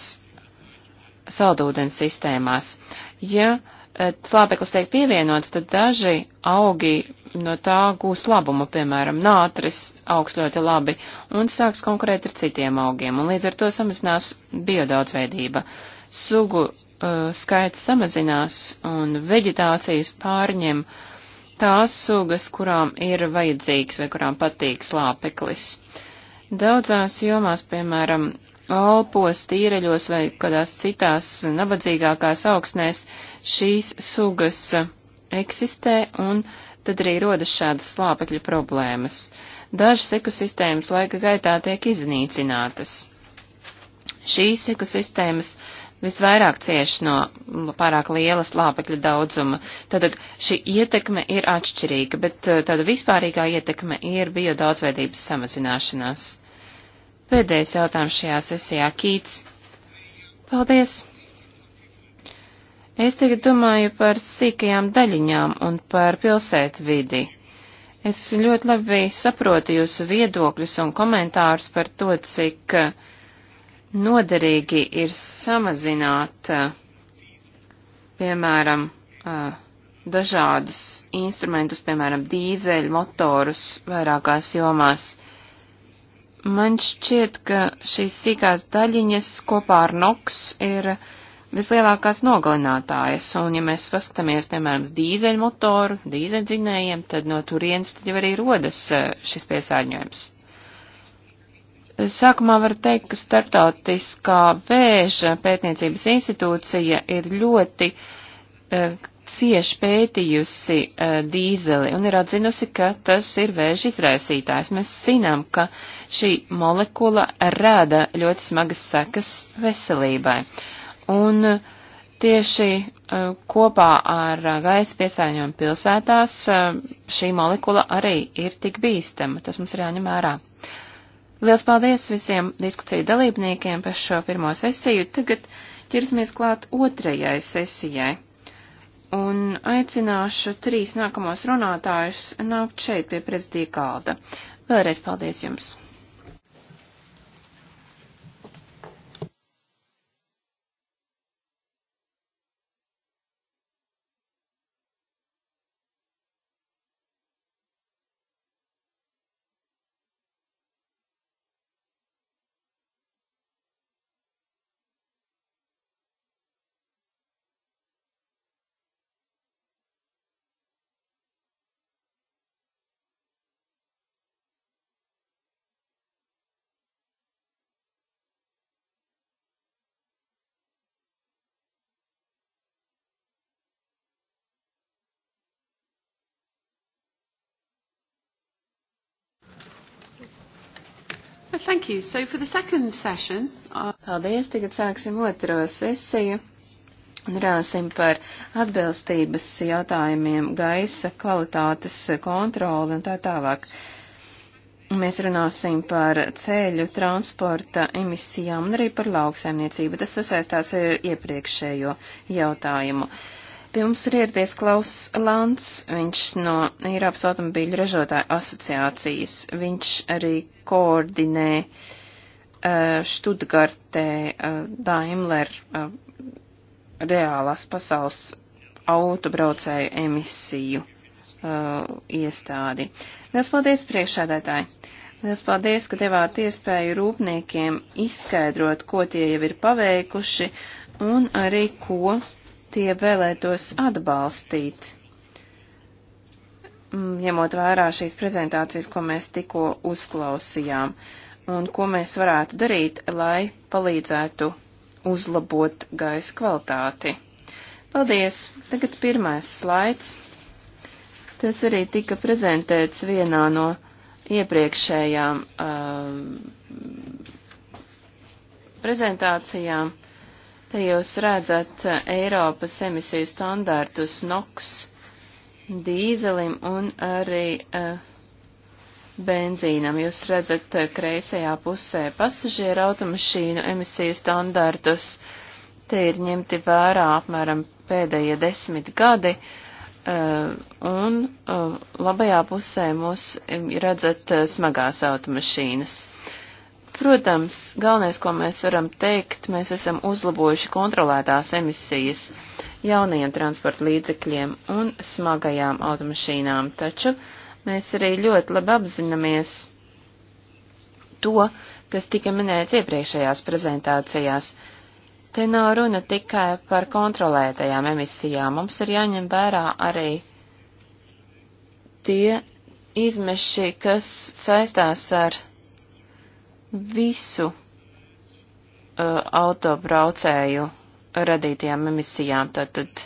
saldūdens sistēmās. Ja uh, Eh, slāpeklis tiek pievienots, tad daži augi no tā gūs labumu, piemēram, nātris augs ļoti labi un sāks konkurēt ar citiem augiem, un līdz ar to samazinās biodaudzveidība. Sugu uh, skaits samazinās un veģetācijas pārņem tās sugas, kurām ir vajadzīgs vai kurām patīk slāpeklis. Daudzās jomās, piemēram, Alpos, tīreļos vai kādās citās nabadzīgākās augsnēs šīs sugas eksistē un tad arī rodas šādas slāpekļa problēmas. Dažas ekosistēmas laika gaitā tiek iznīcinātas. Šīs ekosistēmas visvairāk cieš no pārāk liela slāpekļa daudzuma. Tātad šī ietekme ir atšķirīga, bet eh, tāda vispārīgā ietekme ir biodaudzveidības samazināšanās. Pēdējais jautājums šajā sesijā - Kīts. Paldies! Es tagad domāju par sīkajām daļiņām un par pilsētu vidi. Es ļoti labi saprotu jūsu viedokļus un komentārus par to, cik noderīgi ir samazināt, piemēram, dažādus instrumentus, piemēram, dīzeļu motorus vairākās jomās. Man šķiet, ka šīs sīkās daļiņas kopā ar NOX ir vislielākās nogalinātājas, un ja mēs paskatāmies, piemēram, dīzeļmotoru, dīzeļdzinējiem, tad no turienes tad jau arī rodas e, šis piesārņojums. Sākumā var teikt, ka Startautiskā vēža pētniecības institūcija ir ļoti e, cieši pētījusi uh, dīzeli un ir atzinusi, ka tas ir vēža izraisītājs. Mēs zinām, ka šī molekula rada ļoti smagas sekas veselībai. Un uh, tieši uh, kopā ar uh, gaisa piesārņojumu pilsētās uh, šī molekula arī ir tik bīstama. Tas mums ir jāņem vērā. Liels paldies visiem diskusiju dalībniekiem par šo pirmo sesiju. Tagad ķersimies klāt otrajai sesijai un aicināšu trīs nākamos runātājus nākt šeit pie prezidija galda. Vēlreiz paldies jums! Thank you. So for the second session. Uh... Paldies, tagad sāksim otro sesiju un runāsim par atbilstības jautājumiem, gaisa kvalitātes kontroli un tā tālāk. Mēs runāsim par ceļu transporta emisijām un arī par lauksaimniecību. Tas sasaistās ar iepriekšējo jautājumu. Uh, Pie mums ir ieradies Klaus Lants, viņš no Eiropas automobīļu ražotāju asociācijas. Viņš arī koordinē uh, eh, Študgartē uh, eh, Daimler uh, reālās pasaules autobraucēju emisiju uh, iestādi. Liels paldies priekšādētāji! Liels paldies, ka devāt iespēju rūpniekiem izskaidrot, ko tie jau ir paveikuši un arī ko tie vēlētos atbalstīt, mm, ņemot vērā šīs prezentācijas, ko mēs tikko uzklausījām, un ko mēs varētu darīt, lai palīdzētu uzlabot gaisa kvalitāti. Paldies! Tagad pirmais slaids. Tas arī tika prezentēts vienā no iepriekšējām uh, prezentācijām. Uh, Te jūs redzat Eiropas emisiju standārtus NOX dīzelim un arī uh, benzīnam. Jūs redzat eh, kreisajā pusē pasažieru automašīnu emisiju standārtus. Te ir ņemti vērā apmēram pēdējie desmit gadi. Uh, un uh, labajā pusē mūs redzat smagās automašīnas. Protams, galvenais, ko mēs varam teikt, mēs esam uzlabojuši kontrolētās emisijas jaunajiem transporta līdzekļiem un smagajām automašīnām, taču mēs arī ļoti labi apzināmies to, kas tika minēts iepriekšējās prezentācijās. Te nav runa tikai par kontrolētajām emisijām, mums ir jāņem vērā arī tie izmeši, kas saistās ar visu uh, autobraucēju radītajām emisijām. Tātad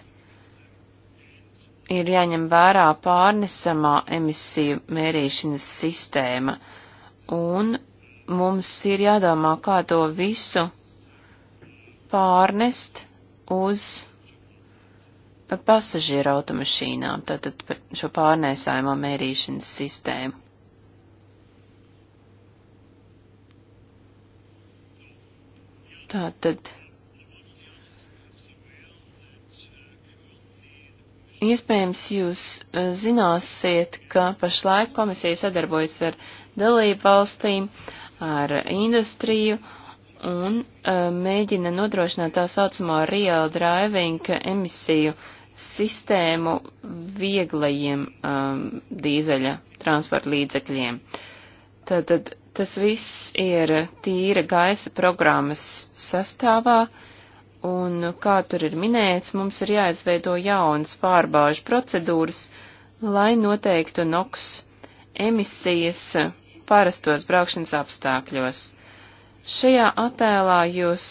ir jāņem vērā pārnesamā emisiju mērīšanas sistēma, un mums ir jādomā, kā to visu pārnest uz pasažieru automašīnām, tātad šo pārnēsājumu mērīšanas sistēmu. Tātad iespējams jūs eh, zināsiet, ka pašlaik komisija sadarbojas ar dalību valstīm, ar industriju un eh, mēģina nodrošināt tā saucamo real driving emisiju sistēmu vieglajiem um, dīzeļa transporta līdzekļiem. Tātad Tas viss ir tīra gaisa programmas sastāvā, un, kā tur ir minēts, mums ir jāizveido jaunas pārbaužu procedūras, lai noteiktu NOX emisijas parastos braukšanas apstākļos. Šajā attēlā jūs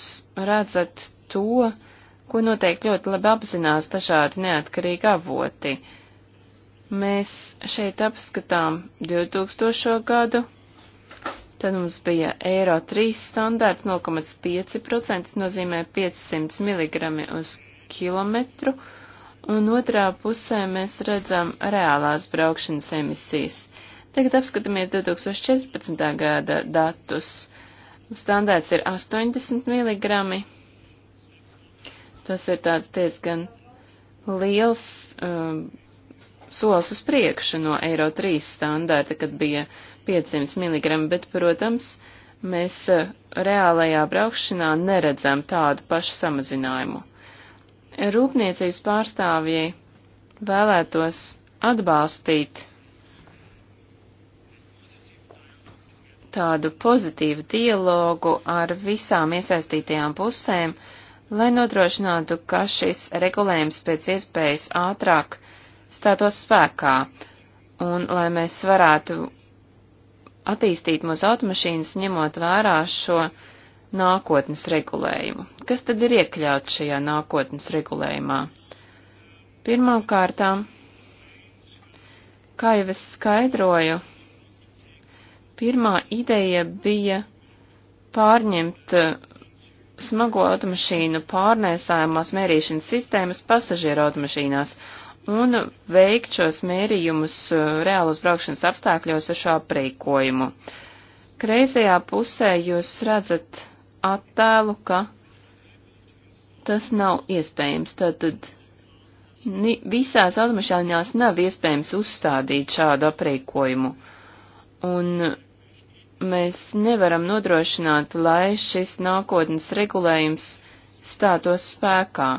redzat to, ko noteikti ļoti labi apzinās dažādi neatkarīgi avoti. Mēs šeit apskatām 2000. gadu, Tad mums bija eiro 3 standārts 0,5% nozīmē 500 mg uz kilometru. Un otrā pusē mēs redzam reālās braukšanas emisijas. Tagad apskatāmies 2014. gada datus. Standārts ir 80 mg. Tas ir tāds diezgan liels um, solis uz priekšu no eiro 3 standārta, kad bija 0,5%. 500 mg, bet, protams, mēs eh, reālajā braukšanā neredzam tādu pašu samazinājumu. Rūpniecības pārstāvji vēlētos atbalstīt tādu pozitīvu dialogu ar visām iesaistītajām pusēm, lai nodrošinātu, ka šis regulējums pēc iespējas ātrāk stātos spēkā, un lai mēs varētu attīstīt mūsu automašīnas, ņemot vērā šo nākotnes regulējumu. Kas tad ir iekļauts šajā nākotnes regulējumā? Pirmām kārtām, kā jau es skaidroju, pirmā ideja bija pārņemt uh, smago automašīnu pārnēsājumās mērīšanas sistēmas pasažieru automašīnās un veikt šos mērījumus uh, reālos braukšanas apstākļos ar šo aprīkojumu. Kreisajā pusē jūs redzat attēlu, ka tas nav iespējams. Tātad ni, visās automašīnās nav iespējams uzstādīt šādu aprīkojumu. Un mēs nevaram nodrošināt, lai šis nākotnes regulējums stātos spēkā.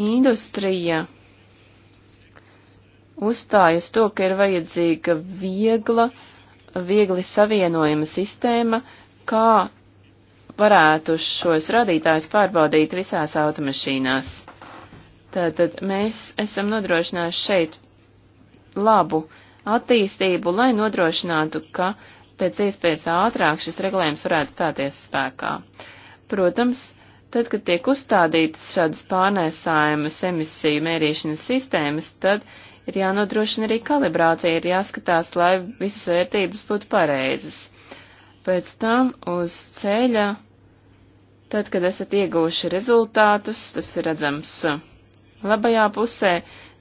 Industrija uzstājas to, ka ir vajadzīga viegla, viegli savienojama sistēma, kā varētu šos radītājus pārbaudīt visās automašīnās. Tātad mēs esam nodrošinājuši šeit labu attīstību, lai nodrošinātu, ka pēc iespējas ātrāk šis regulējums varētu stāties spēkā. Protams, Tad, kad tiek uzstādītas šādas pārnēsājumas emisiju mērīšanas sistēmas, tad ir jānodrošina arī kalibrācija, ir jāskatās, lai visas vērtības būtu pareizas. Pēc tam uz ceļa, tad, kad esat ieguvuši rezultātus, tas ir redzams labajā pusē,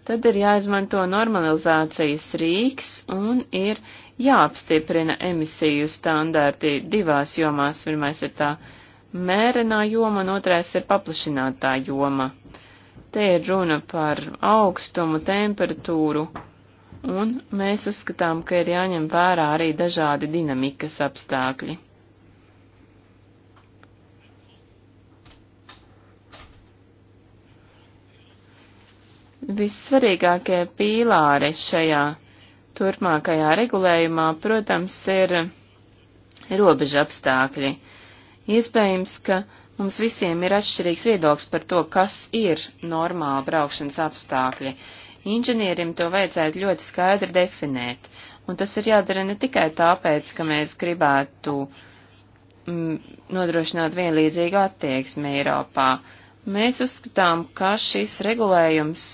tad ir jāizmanto normalizācijas rīks un ir jāapstiprina emisiju standārti divās jomās. Pirmais ir tā mērenā joma un otrais ir paplašinātā joma. Te ir runa par augstumu, temperatūru, un mēs uzskatām, ka ir jāņem vērā arī dažādi dinamikas apstākļi. Vissvarīgākie pīlāri šajā turpmākajā regulējumā, protams, ir robeža apstākļi. Iespējams, ka mums visiem ir atšķirīgs viedoklis par to, kas ir normāli braukšanas apstākļi. Inženierim to vajadzētu ļoti skaidri definēt, un tas ir jādara ne tikai tāpēc, ka mēs gribētu mm, nodrošināt vienlīdzīgu attieksmi Eiropā. Mēs uzskatām, ka šis regulējums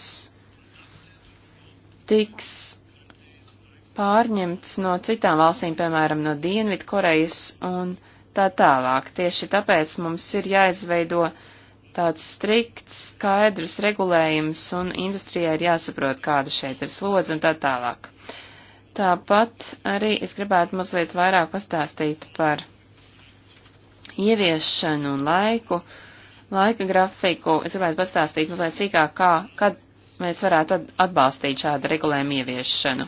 tiks pārņemts no citām valstīm, piemēram, no Dienvidkorejas un Korejas tā tālāk. Tieši tāpēc mums ir jāizveido tāds strikts, skaidrs regulējums, un industrijai ir jāsaprot, kāda šeit ir slodze un tā tālāk. Tāpat arī es gribētu mazliet vairāk pastāstīt par ieviešanu un laiku, laika grafiku. Es gribētu pastāstīt mazliet sīkāk, kā, kad mēs varētu atbalstīt šādu regulējumu ieviešanu.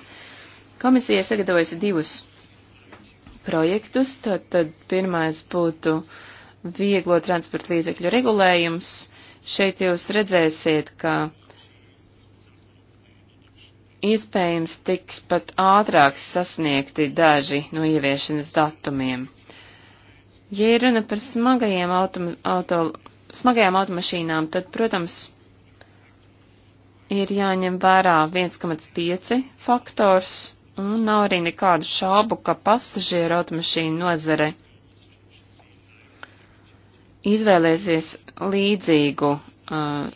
Komisija ir sagatavojusi divus projektus. Tad, tad pirmais būtu vieglo transporta līdzekļu regulējums. Šeit jūs redzēsiet, ka iespējams tiks pat ātrāk sasniegti daži no ieviešanas datumiem. Ja ir runa par smagajiem autom, auto, smagajām automašīnām, tad, protams, ir jāņem vērā 1,5 faktors un nav arī nekādu šaubu, ka pasažieru automašīnu nozare izvēlēsies līdzīgu uh,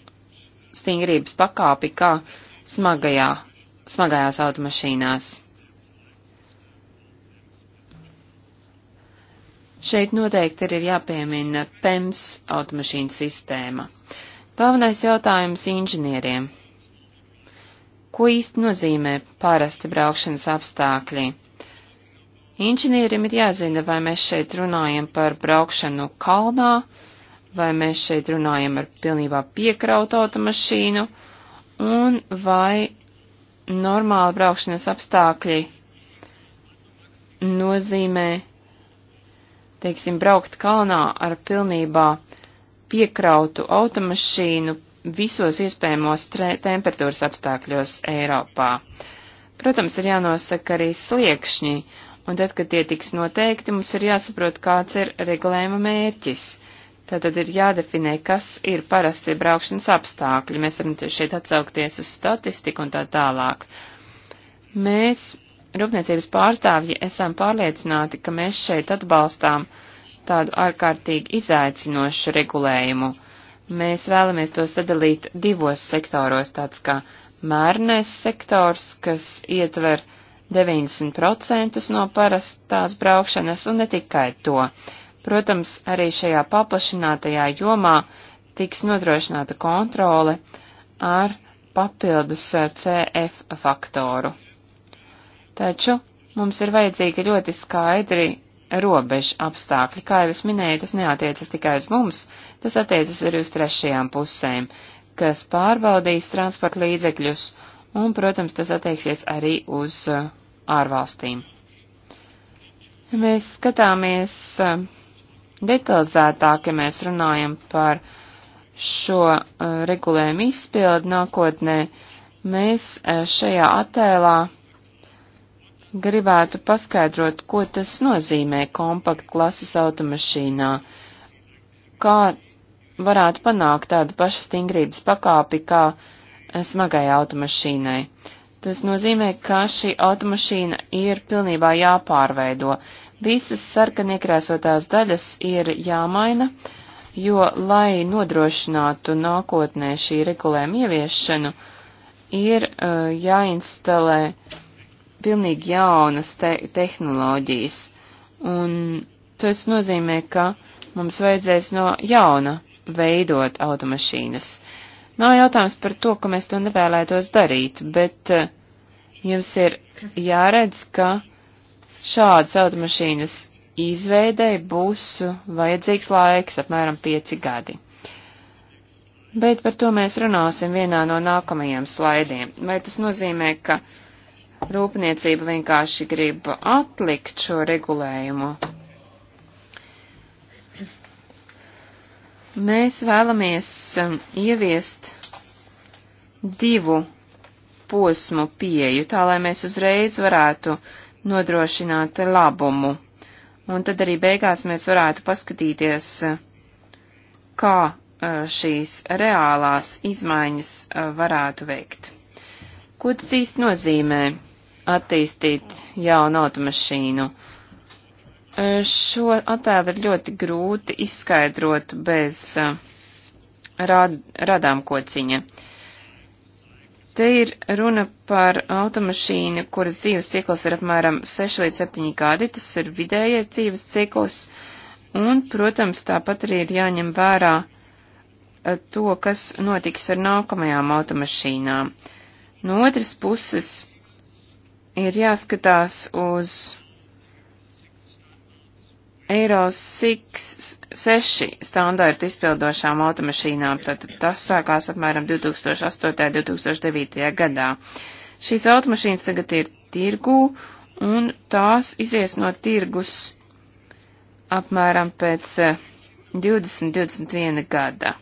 stingrības pakāpi kā smagajā, smagajās automašīnās. Šeit noteikti ir jāpiemina PEMS automašīnu sistēma. Galvenais jautājums inženieriem. Ko īsti nozīmē parasti braukšanas apstākļi? Inženierim ir jāzina, vai mēs šeit runājam par braukšanu kalnā, vai mēs šeit runājam ar pilnībā piekrautu automašīnu, un vai normāli braukšanas apstākļi nozīmē, teiksim, braukt kalnā ar pilnībā piekrautu automašīnu visos iespējamos temperatūras apstākļos Eiropā. Protams, ir jānosaka arī sliekšņi, un tad, kad tie tiks noteikti, mums ir jāsaprot, kāds ir regulējuma mērķis. Tātad ir jādefinē, kas ir parastie braukšanas apstākļi. Mēs varam šeit atsaukties uz statistiku un tā tālāk. Mēs, rūpniecības pārstāvji, esam pārliecināti, ka mēs šeit atbalstām tādu ārkārtīgi izaicinošu regulējumu Mēs vēlamies to sadalīt divos sektoros, tāds kā mērnēs sektors, kas ietver 90% no parastās braukšanas un ne tikai to. Protams, arī šajā paplašinātajā jomā tiks nodrošināta kontrole ar papildus eh, CF faktoru. Taču mums ir vajadzīgi ļoti skaidri robežu apstākļi. Kā jau es minēju, tas neatiecas tikai uz mums, tas attiecas arī uz trešajām pusēm, kas pārbaudīs transporta līdzekļus, un, protams, tas attieksies arī uz uh, ārvalstīm. Mēs skatāmies uh, detalizētāk, ja mēs runājam par šo uh, regulējumu izpildu nākotnē. Mēs šajā attēlā gribētu paskaidrot, ko tas nozīmē kompakt klases automašīnā, kā varētu panākt tādu pašu stingrības pakāpi kā smagai automašīnai. Tas nozīmē, ka šī automašīna ir pilnībā jāpārveido. Visas sarkan iekrēsotās daļas ir jāmaina, jo, lai nodrošinātu nākotnē šī regulējuma ieviešanu, ir uh, jāinstalē pilnīgi jaunas te tehnoloģijas, un tas nozīmē, ka mums vajadzēs no jauna veidot automašīnas. Nav jautājums par to, ka mēs to nevēlētos darīt, bet eh, jums ir jāredz, ka šādas automašīnas izveidei būs vajadzīgs laiks, apmēram pieci gadi. Bet par to mēs runāsim vienā no nākamajiem slaidiem. Vai tas nozīmē, ka rūpniecība vienkārši grib atlikt šo regulējumu. Mēs vēlamies um, ieviest divu posmu pieju, tā lai mēs uzreiz varētu nodrošināt labumu. Un tad arī beigās mēs varētu paskatīties, kā uh, šīs reālās izmaiņas uh, varētu veikt. Ko tas īsti nozīmē? attīstīt jaunu automašīnu. Šo attēlu ir ļoti grūti izskaidrot bez rad, radām kociņa. Te ir runa par automašīnu, kuras dzīves cikls ir apmēram 6 līdz 7 gadi, tas ir vidējais dzīves cikls, un, protams, tāpat arī ir jāņem vērā to, kas notiks ar nākamajām automašīnām. No otras puses, ir jāskatās uz Eiro 6 standārtu izpildošām automašīnām, tad tas sākās apmēram 2008. 2009. gadā. Šīs automašīnas tagad ir tirgū, un tās izies no tirgus apmēram pēc 20-21 eh, gada.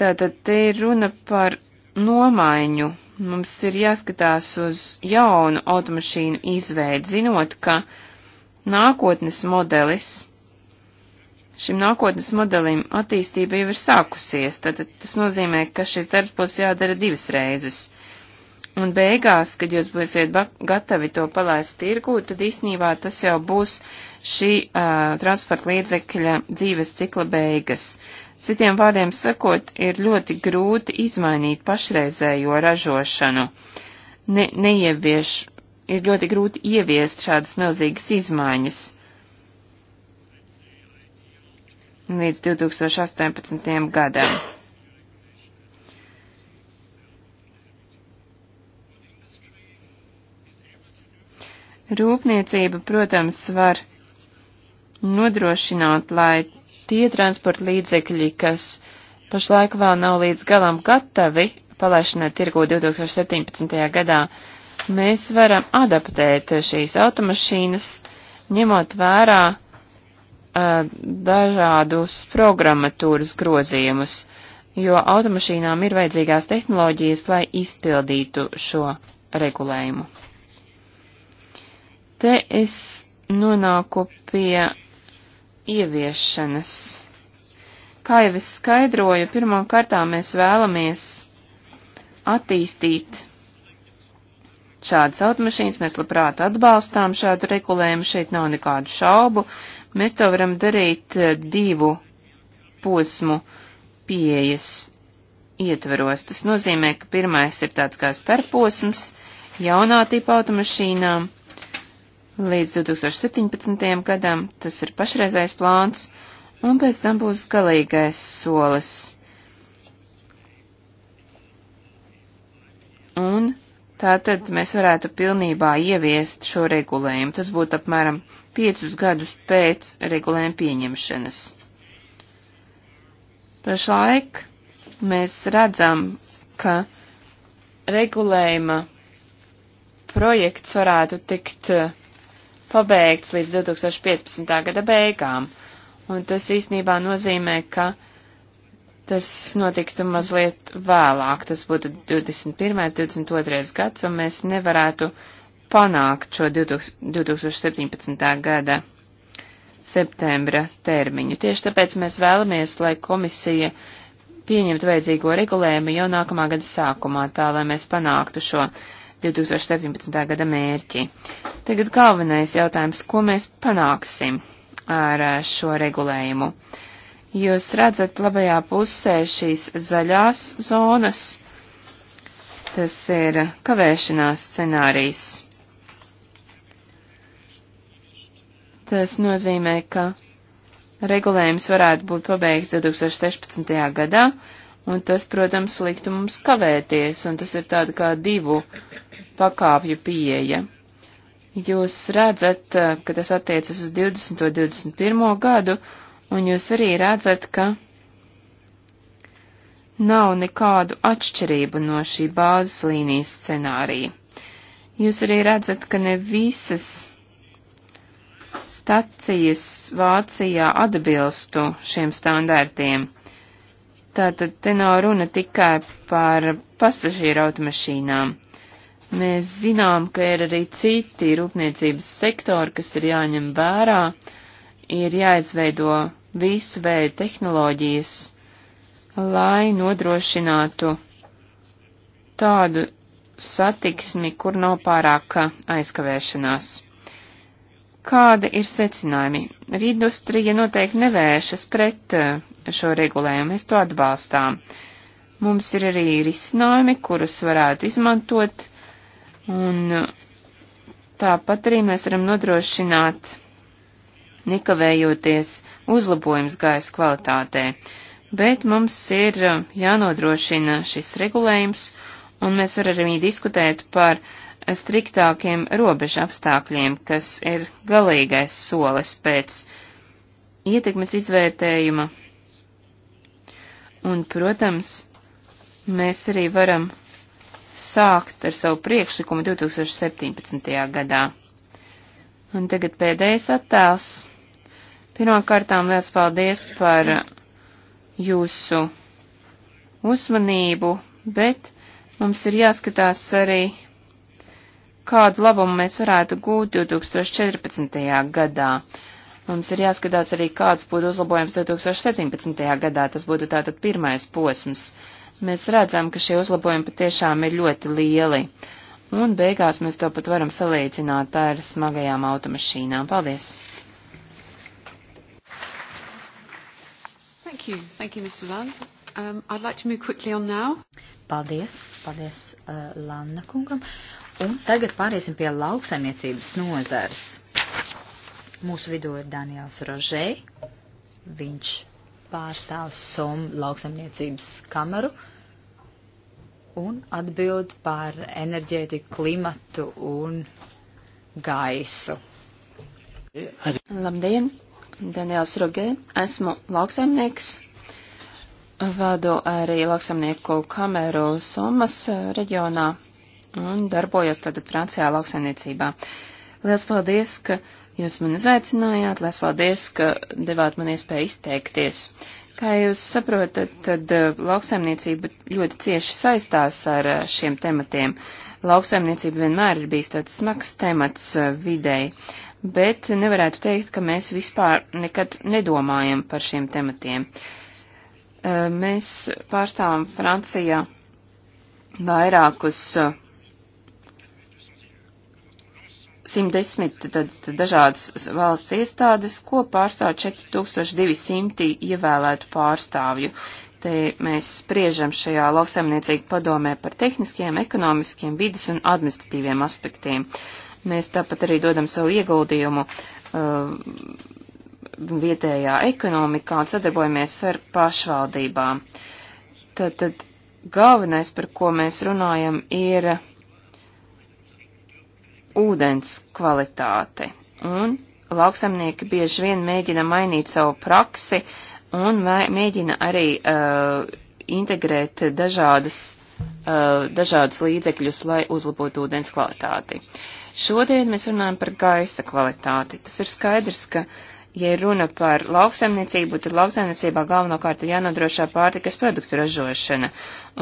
Tātad te ir runa par nomaiņu Mums ir jāskatās uz jaunu automašīnu izveidi, zinot, ka nākotnes modelis, šim nākotnes modelim attīstība jau ir sākusies, tad tas nozīmē, ka šis darbs būs jādara divas reizes. Un beigās, kad jūs būsiet gatavi to palaist tirgū, tad īsnībā tas jau būs šī uh, transporta līdzekļa dzīves cikla beigas. Citiem vārdiem sakot, ir ļoti grūti izmainīt pašreizējo ražošanu. Ne, neievieš, ir ļoti grūti ieviest šādas milzīgas izmaiņas. Līdz 2018. gadam. Rūpniecība, protams, var nodrošināt, lai tie transporta līdzekļi, kas pašlaik vēl nav līdz galam gatavi palaišanai tirgu 2017. gadā, mēs varam adaptēt šīs automašīnas, ņemot vērā uh, dažādus programmatūras grozījumus, jo automašīnām ir vajadzīgās tehnoloģijas, lai izpildītu šo regulējumu. Te es nonāku pie ieviešanas. Kā jau es skaidroju, pirmām kārtām mēs vēlamies attīstīt šādas automašīnas, mēs labprāt atbalstām šādu regulējumu, šeit nav nekādu šaubu. Mēs to varam darīt eh, divu posmu pieejas ietveros. Tas nozīmē, ka pirmais ir tāds kā starposms jaunā tipa automašīnām līdz 2017. gadam, tas ir pašreizais plāns, un pēc tam būs galīgais solis. Un tātad mēs varētu pilnībā ieviest šo regulējumu. Tas būtu apmēram piecus gadus pēc regulējuma pieņemšanas. Pašlaik mēs redzam, ka regulējuma projekts varētu tikt uh, pabeigts līdz 2015. gada beigām. Un tas īsnībā nozīmē, ka tas notiktu mazliet vēlāk, tas būtu 21. 22. gads, un mēs nevarētu panākt šo 2017. gada septembra termiņu. Tieši tāpēc mēs vēlamies, lai komisija pieņemtu vajadzīgo regulējumu jau nākamā gada sākumā, tā lai mēs panāktu šo 2017. gada mērķi. Tagad galvenais jautājums, ko mēs panāksim ar eh, šo regulējumu. Jūs redzat labajā pusē šīs zaļās zonas, tas ir kavēšanās scenārijs. Tas nozīmē, ka regulējums varētu būt pabeigts 2016. gadā, un tas, protams, liktu mums kavēties, un tas ir tāda kā divu pakāpju pieeja. Jūs redzat, eh, ka tas attiecas uz 20. un 21. gadu, un jūs arī redzat, ka nav nekādu atšķirību no šī bāzes līnijas scenārija. Jūs arī redzat, ka ne visas stacijas Vācijā atbilstu šiem standārtiem. Tātad te nav runa tikai par pasažieru automašīnām. Mēs zinām, ka ir arī citi rūpniecības sektori, kas ir jāņem vērā, ir jāizveido visu veidu tehnoloģijas, lai nodrošinātu tādu satiksmi, kur nav pārāk aizkavēšanās. Kādi ir secinājumi? Industrija noteikti nevēršas pret eh, šo regulējumu, mēs to atbalstām. Mums ir arī risinājumi, kurus varētu izmantot, un eh, tāpat arī mēs varam nodrošināt, nekavējoties, uzlabojums gaisa kvalitātē. Bet mums ir eh, jānodrošina šis regulējums, un mēs varam arī diskutēt par uh, striktākiem robežu apstākļiem, kas ir galīgais solis pēc ietekmes izvērtējuma. Un, protams, mēs arī varam sākt ar savu priekšlikumu 2017. gadā. Un tagad pēdējais attēls. Pirmkārtām liels paldies par jūsu uzmanību, bet mums ir jāskatās arī kādu labumu mēs varētu gūt 2014. gadā. Mums ir jāskatās arī, kāds būtu uzlabojums 2017. gadā. Tas būtu tātad pirmais posms. Mēs redzam, ka šie uzlabojumi patiešām ir ļoti lieli. Un beigās mēs to pat varam salīdzināt ar smagajām automašīnām. Paldies! Thank you. Thank you, Mr. Land. Um, I'd like to move quickly on now. Paldies, paldies uh, Lanna kungam. Un tagad pāriesim pie lauksaimniecības nozars. Mūsu vidū ir Daniels Rožē. Viņš pārstāv SOM lauksaimniecības kameru un atbild par enerģētiku, klimatu un gaisu. Labdien, Daniels Rogē, esmu lauksaimnieks, vadu arī lauksaimnieku kameru Somas reģionā un darbojos tātad Francijā lauksainiecībā. Lielas paldies, ka jūs mani izaicinājāt, lielas paldies, ka devāt man iespēju izteikties. Kā jūs saprotat, tad eh, lauksaimniecība ļoti cieši saistās ar eh, šiem tematiem. Lauksaimniecība vienmēr ir bijis tāds smags temats eh, videi, bet nevarētu teikt, ka mēs vispār nekad nedomājam par šiem tematiem. Mēs pārstāvam Francijā vairākus 110 tad, dažādas valsts iestādes, ko pārstāv 4200 ievēlētu pārstāvju. Te mēs spriežam šajā lauksaimniecību padomē par tehniskiem, ekonomiskiem, vidas un administratīviem aspektiem. Mēs tāpat arī dodam savu ieguldījumu uh, vietējā ekonomikā un sadarbojamies ar pašvaldībām. Tad, tad galvenais, par ko mēs runājam, ir ūdens kvalitāte. Un lauksamnieki bieži vien mēģina mainīt savu praksi un mēģina arī uh, integrēt dažādas, uh, dažādas līdzekļus, lai uzlabotu ūdens kvalitāti. Šodien mēs runājam par gaisa kvalitāti. Tas ir skaidrs, ka uh, ja runa par lauksaimniecību, tad lauksaimniecībā galvenokārt ir jānodrošā pārtikas produktu ražošana.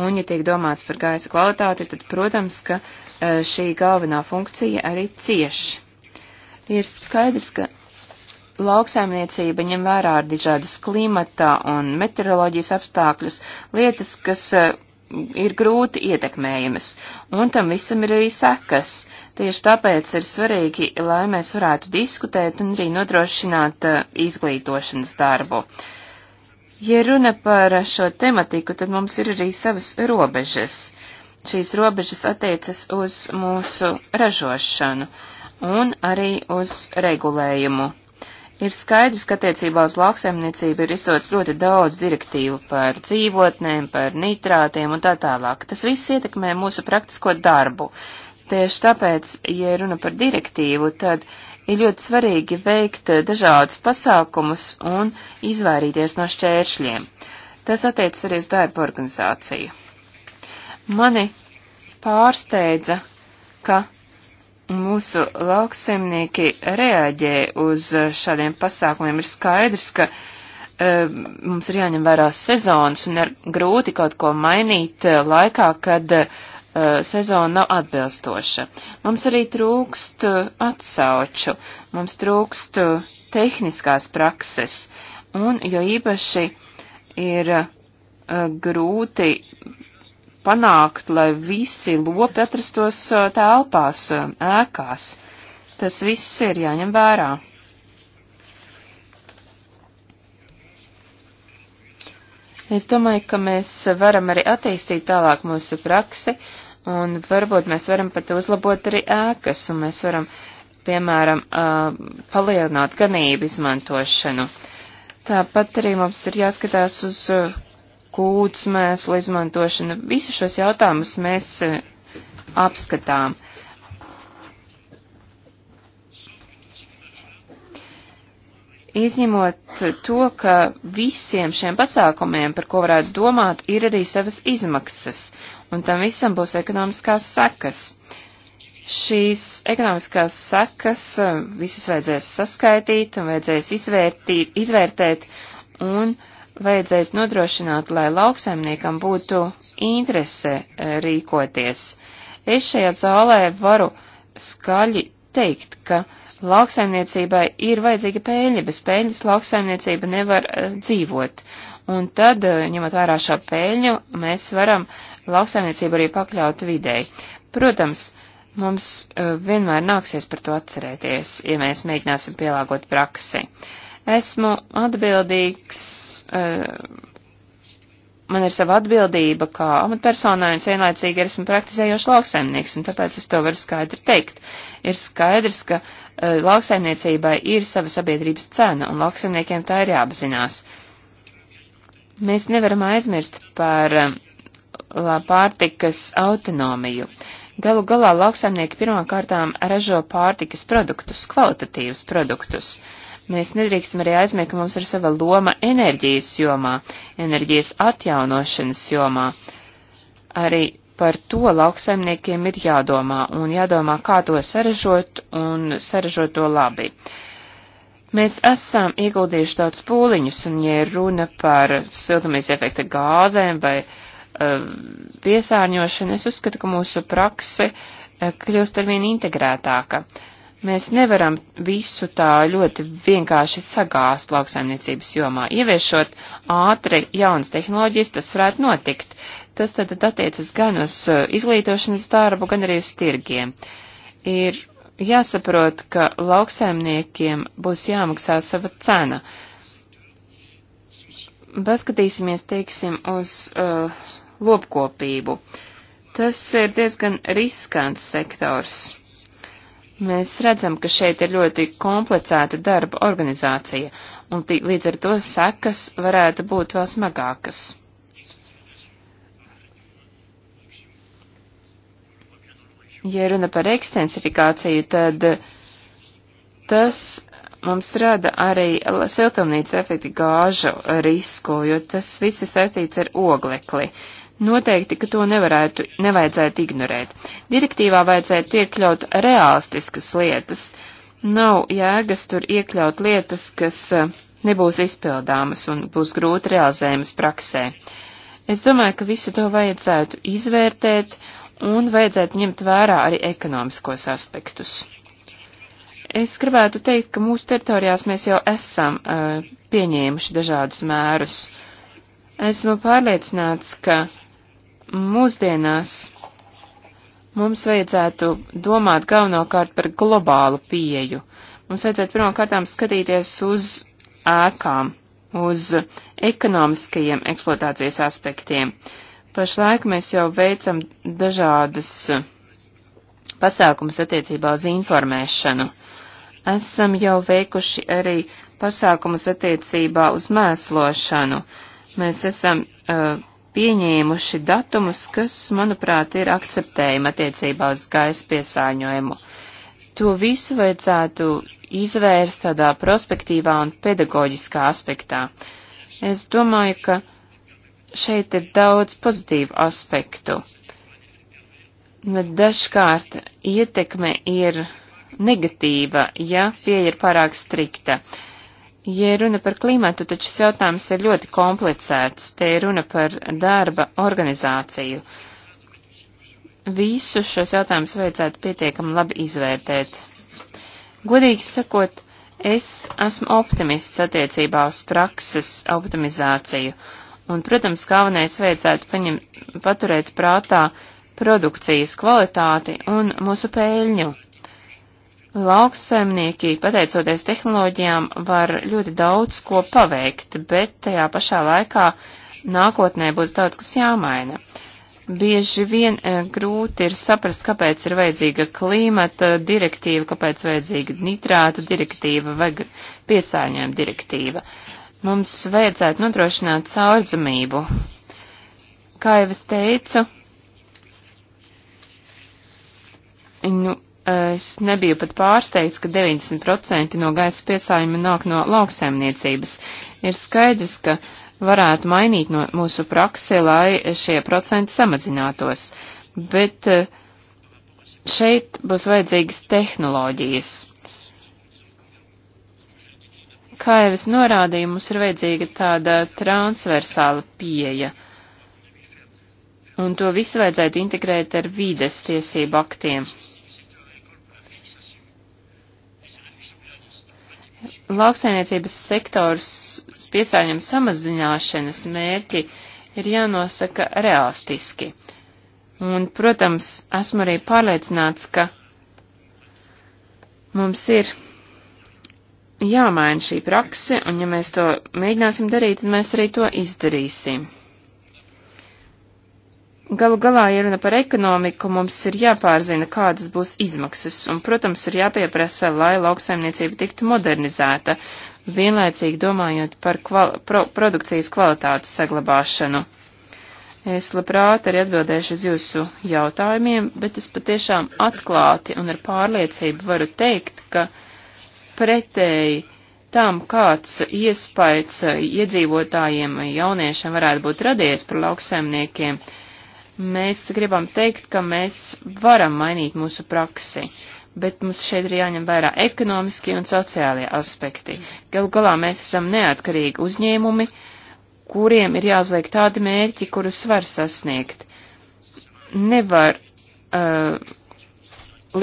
Un, ja tiek domāts par gaisa kvalitāti, tad, protams, ka e, šī galvenā funkcija arī cieš. Ir skaidrs, ka lauksaimniecība ņem vērā ar dažādus klimata un meteoroloģijas apstākļus, lietas, kas e, ir grūti ietekmējamas, un tam visam ir arī sekas. Tieši tāpēc ir svarīgi, lai mēs varētu diskutēt un arī nodrošināt uh, izglītošanas darbu. Ja runa par šo tematiku, tad mums ir arī savas robežas. Šīs robežas attiecas uz mūsu ražošanu un arī uz regulējumu. Ir skaidrs, ka attiecībā uz lauksaimniecību ir izsots ļoti daudz direktīvu par dzīvotnēm, par nitrātiem un tā tālāk. Tas viss ietekmē mūsu praktisko darbu. Tieši tāpēc, ja runa par direktīvu, tad ir ļoti svarīgi veikt dažādus pasākumus un izvairīties no šķēršļiem. Tas attiecas arī uz darba organizāciju. Mani pārsteidza, ka mūsu lauksemnieki reaģē uz šādiem pasākumiem, ir skaidrs, ka uh, mums ir jāņem vērā sezonas un ir grūti kaut ko mainīt uh, laikā, kad uh, sezona nav atbilstoša. Mums arī trūkst atsauču, mums trūkst tehniskās prakses, un jo īpaši ir grūti panākt, lai visi lopi atrastos telpās, ēkās. Tas viss ir jāņem vērā. Es domāju, ka mēs varam arī attīstīt tālāk mūsu praksi, un varbūt mēs varam pat uzlabot arī ēkas, un mēs varam, piemēram, palielināt ganību izmantošanu. Tāpat arī mums ir jāskatās uz kūtsmēslu izmantošana. Visu šos jautājumus mēs e, apskatām. Izņemot to, ka visiem šiem pasākumiem, par ko varētu domāt, ir arī savas izmaksas, un tam visam būs ekonomiskās sekas. Šīs ekonomiskās sekas e, visas vajadzēs saskaitīt un vajadzēs izvērtīt, izvērtēt, un uh, vajadzēs nodrošināt, lai lauksaimniekam būtu interese e, rīkoties. Es šajā zālē varu skaļi teikt, ka lauksaimniecībai ir vajadzīga pēļņa, bez pēļņas lauksaimniecība nevar uh, dzīvot. Un tad, uh, ņemot vērā šo pēļņu, mēs varam lauksaimniecību arī pakļaut videi. Protams, mums uh, vienmēr nāksies par to atcerēties, ja mēs mēģināsim pielāgot praksi. Esmu atbildīgs Eh, man ir sava atbildība kā amatpersonai un vienlaicīgi esmu praktizējošs lauksaimnieks, un tāpēc es to varu skaidri teikt. Ir skaidrs, ka uh, lauksaimniecībai ir sava sabiedrības cena, un lauksaimniekiem tā ir jāapzinās. Mēs nevaram aizmirst par uh, pārtikas autonomiju. Galu galā lauksaimnieki pirmkārtām ražo pārtikas produktus, kvalitatīvus produktus. Uh, Mēs nedrīkstam arī aizmirst, ka mums ir sava loma enerģijas jomā, enerģijas atjaunošanas jomā. Arī par to lauksaimniekiem ir jādomā un jādomā, kā to saražot un saražot to labi. Mēs esam ieguldījuši daudz pūliņus, un ja runa par siltumies efekta gāzēm vai uh, piesārņošanu, es uzskatu, ka mūsu prakse uh, kļūst arvien integrētāka. Uh, Mēs nevaram visu tā ļoti vienkārši sagāst lauksaimniecības jomā. Ieviešot ātri jaunas tehnoloģijas, tas varētu notikt. Tas tad attiecas gan uz eh, izglītošanas darbu, gan arī uz tirgiem. Ir jāsaprot, ka lauksaimniekiem būs jāmaksā sava cena. Paskatīsimies, teiksim, uz uh, lopkopību. Tas ir diezgan riskants sektors. Mēs redzam, ka šeit ir ļoti komplicēta darba organizācija, un tī, līdz ar to sekas varētu būt vēl smagākas. Ja runa par ekstensifikāciju, tad tas mums rada arī siltumnīca efekta gāžu risku, jo tas viss ir saistīts ar oglekli. Uh, Noteikti, ka to nevarētu, nevajadzētu ignorēt. Direktīvā vajadzētu iekļaut realistiskas lietas. Nav jēgas tur iekļaut lietas, kas eh, nebūs izpildāmas un būs grūti realizējamas praksē. Es domāju, ka visu to vajadzētu izvērtēt un vajadzētu ņemt vērā arī ekonomiskos aspektus. Es gribētu teikt, ka mūsu teritorijās mēs jau esam uh, pieņēmuši dažādus mērus. Esmu pārliecināts, ka Mūsdienās mums vajadzētu domāt galvenokārt par globālu pieju. Mums vajadzētu pirmkārtām skatīties uz ēkām, uz ekonomiskajiem eksploatācijas aspektiem. Pašlaik mēs jau veicam dažādas pasākumus attiecībā uz informēšanu. Esam jau veikuši arī pasākumus attiecībā uz mēslošanu. Mēs esam uh, pieņēmuši datumus, kas, manuprāt, ir akceptējami attiecībā uz gaisa piesāņojumu. To visu vajadzētu izvērst tādā prospektīvā un pedagoģiskā aspektā. Es domāju, ka šeit ir daudz pozitīvu aspektu. Bet dažkārt ietekme ir negatīva, ja pieeja ir pārāk strikta. Uh, Ja runa par klimatu, tad šis jautājums ir ļoti komplicēts. Te ir runa par darba organizāciju. Visus šos jautājumus vajadzētu pietiekami labi izvērtēt. Godīgi sakot, es esmu optimists attiecībā uz prakses optimizāciju, un, protams, galvenais vajadzētu paņem, paturēt prātā produkcijas kvalitāti un mūsu pēļņu. Lauksaimnieki, pateicoties tehnoloģijām, var ļoti daudz ko paveikt, bet tajā pašā laikā nākotnē būs daudz kas jāmaina. Bieži vien e, grūti ir saprast, kāpēc ir vajadzīga klimata direktīva, kāpēc vajadzīga nitrātu direktīva vai piesārņojuma direktīva. Mums vajadzētu nodrošināt caurdzamību. Kā jau es teicu, nu, Es nebiju pat pārsteigts, ka 90% no gaisa piesājuma nāk no lauksaimniecības. Ir skaidrs, ka varētu mainīt no mūsu praksi, lai šie procenti samazinātos. Bet eh, šeit būs vajadzīgas tehnoloģijas. Kā jau es norādīju, mums ir vajadzīga tāda transversāla pieeja un to visu vajadzētu integrēt ar vīdes tiesību aktiem. lauksainiecības sektors piesārņojuma samazināšanas mērķi ir jānosaka realistiski. Un, protams, esmu arī pārliecināts, ka mums ir jāmaina šī prakse, un ja mēs to mēģināsim darīt, tad mēs arī to izdarīsim. Galu galā, ja runa par ekonomiku, mums ir jāpārzina, kādas būs izmaksas, un, protams, ir jāpieprasa, lai lauksaimniecība tiktu modernizēta, vienlaicīgi domājot par kval pro produkcijas kvalitātes saglabāšanu. Es labprāt arī atbildēšu uz jūsu jautājumiem, bet es patiešām atklāti un ar pārliecību varu teikt, ka pretēji tam, kāds iespējas iedzīvotājiem, jauniešiem varētu būt radies par lauksaimniekiem, uh, Mēs gribam teikt, ka mēs varam mainīt mūsu praksi, bet mums šeit ir jāņem vērā ekonomiskie un sociālie aspekti. Galu galā mēs esam neatkarīgi uzņēmumi, kuriem ir jāuzliek tādi mērķi, kurus var sasniegt. Nevar uh,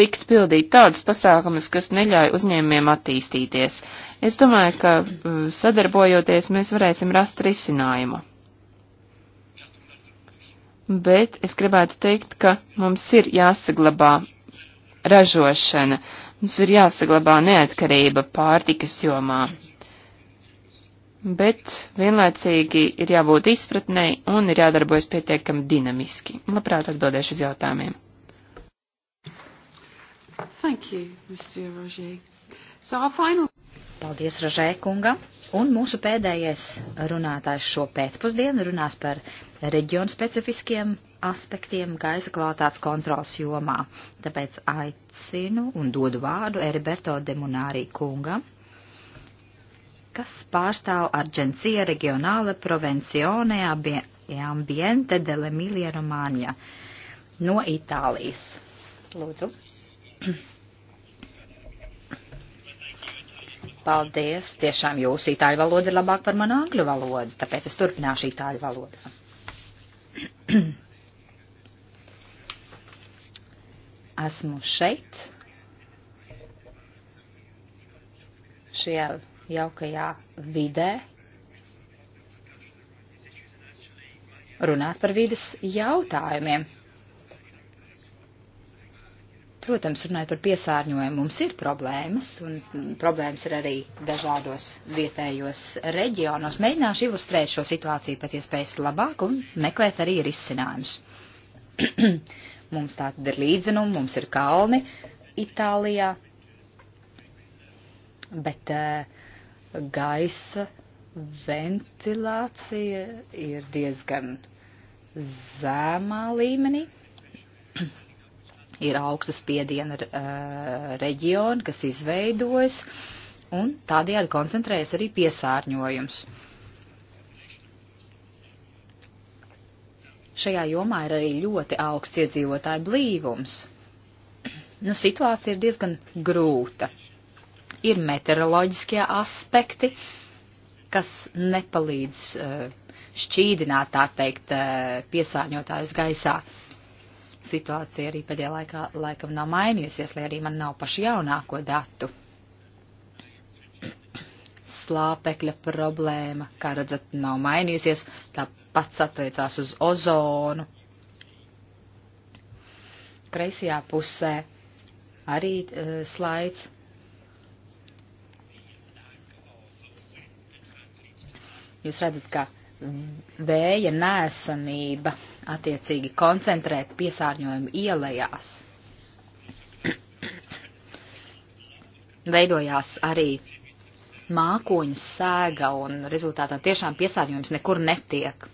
likt pildīt tādus pasākumus, kas neļauj uzņēmumiem attīstīties. Es domāju, ka uh, sadarbojoties mēs varēsim rast risinājumu bet es gribētu teikt, ka mums ir jāsaglabā ražošana, mums ir jāsaglabā neatkarība pārtikas jomā. Bet vienlaicīgi ir jābūt izpratnei un ir jādarbojas pietiekami dinamiski. Labprāt atbildēšu uz jautājumiem. Thank you, Mr. Roger. So our final... Paldies, Rožē kungam. Un mūsu pēdējais runātājs šo pēcpusdienu runās par reģionu specifiskiem aspektiem gaisa kvalitātes kontrols jomā. Tāpēc aicinu un dodu vārdu Eriberto Demunārī kungam, kas pārstāv Argencija Regionāla Provencione Ambiente dell'Emilia Romagna no Itālijas. Lūdzu. Paldies! Tiešām jūsu itāļu valoda ir labāka par manu angļu valodu, tāpēc es turpināšu itāļu valodā. Esmu šeit, šajā jaukajā vidē, runāt par vidas jautājumiem. Protams, runājot par piesārņojumu, mums ir problēmas, un mm, problēmas ir arī dažādos vietējos reģionos. Mēģināšu ilustrēt šo situāciju pēc iespējas labāk un meklēt arī risinājumus. mums tā tad ir līdzenumi, mums ir kalni Itālijā, bet uh, gaisa ventilācija ir diezgan zemā līmenī. Ir augsta spiediena reģioni, kas izveidojas, un tādējādi koncentrējas arī piesārņojums. Šajā jomā ir arī ļoti augsts iedzīvotāju blīvums. Nu, situācija ir diezgan grūta. Ir meteoroloģiskie aspekti, kas nepalīdz šķīdināt, tā teikt, piesārņotājus gaisā situācija arī pēdējā laikā laikam nav mainījusies, lai arī man nav paši jaunāko datu. Slāpekļa problēma, kā redzat, nav mainījusies, tā pats attiecās uz ozonu. Kreisajā pusē arī uh, slaids. Jūs redzat, ka vēja nēsamība attiecīgi koncentrē piesārņojumu ielējās. Veidojās arī mākoņas sēga un rezultātā tiešām piesārņojums nekur netiek.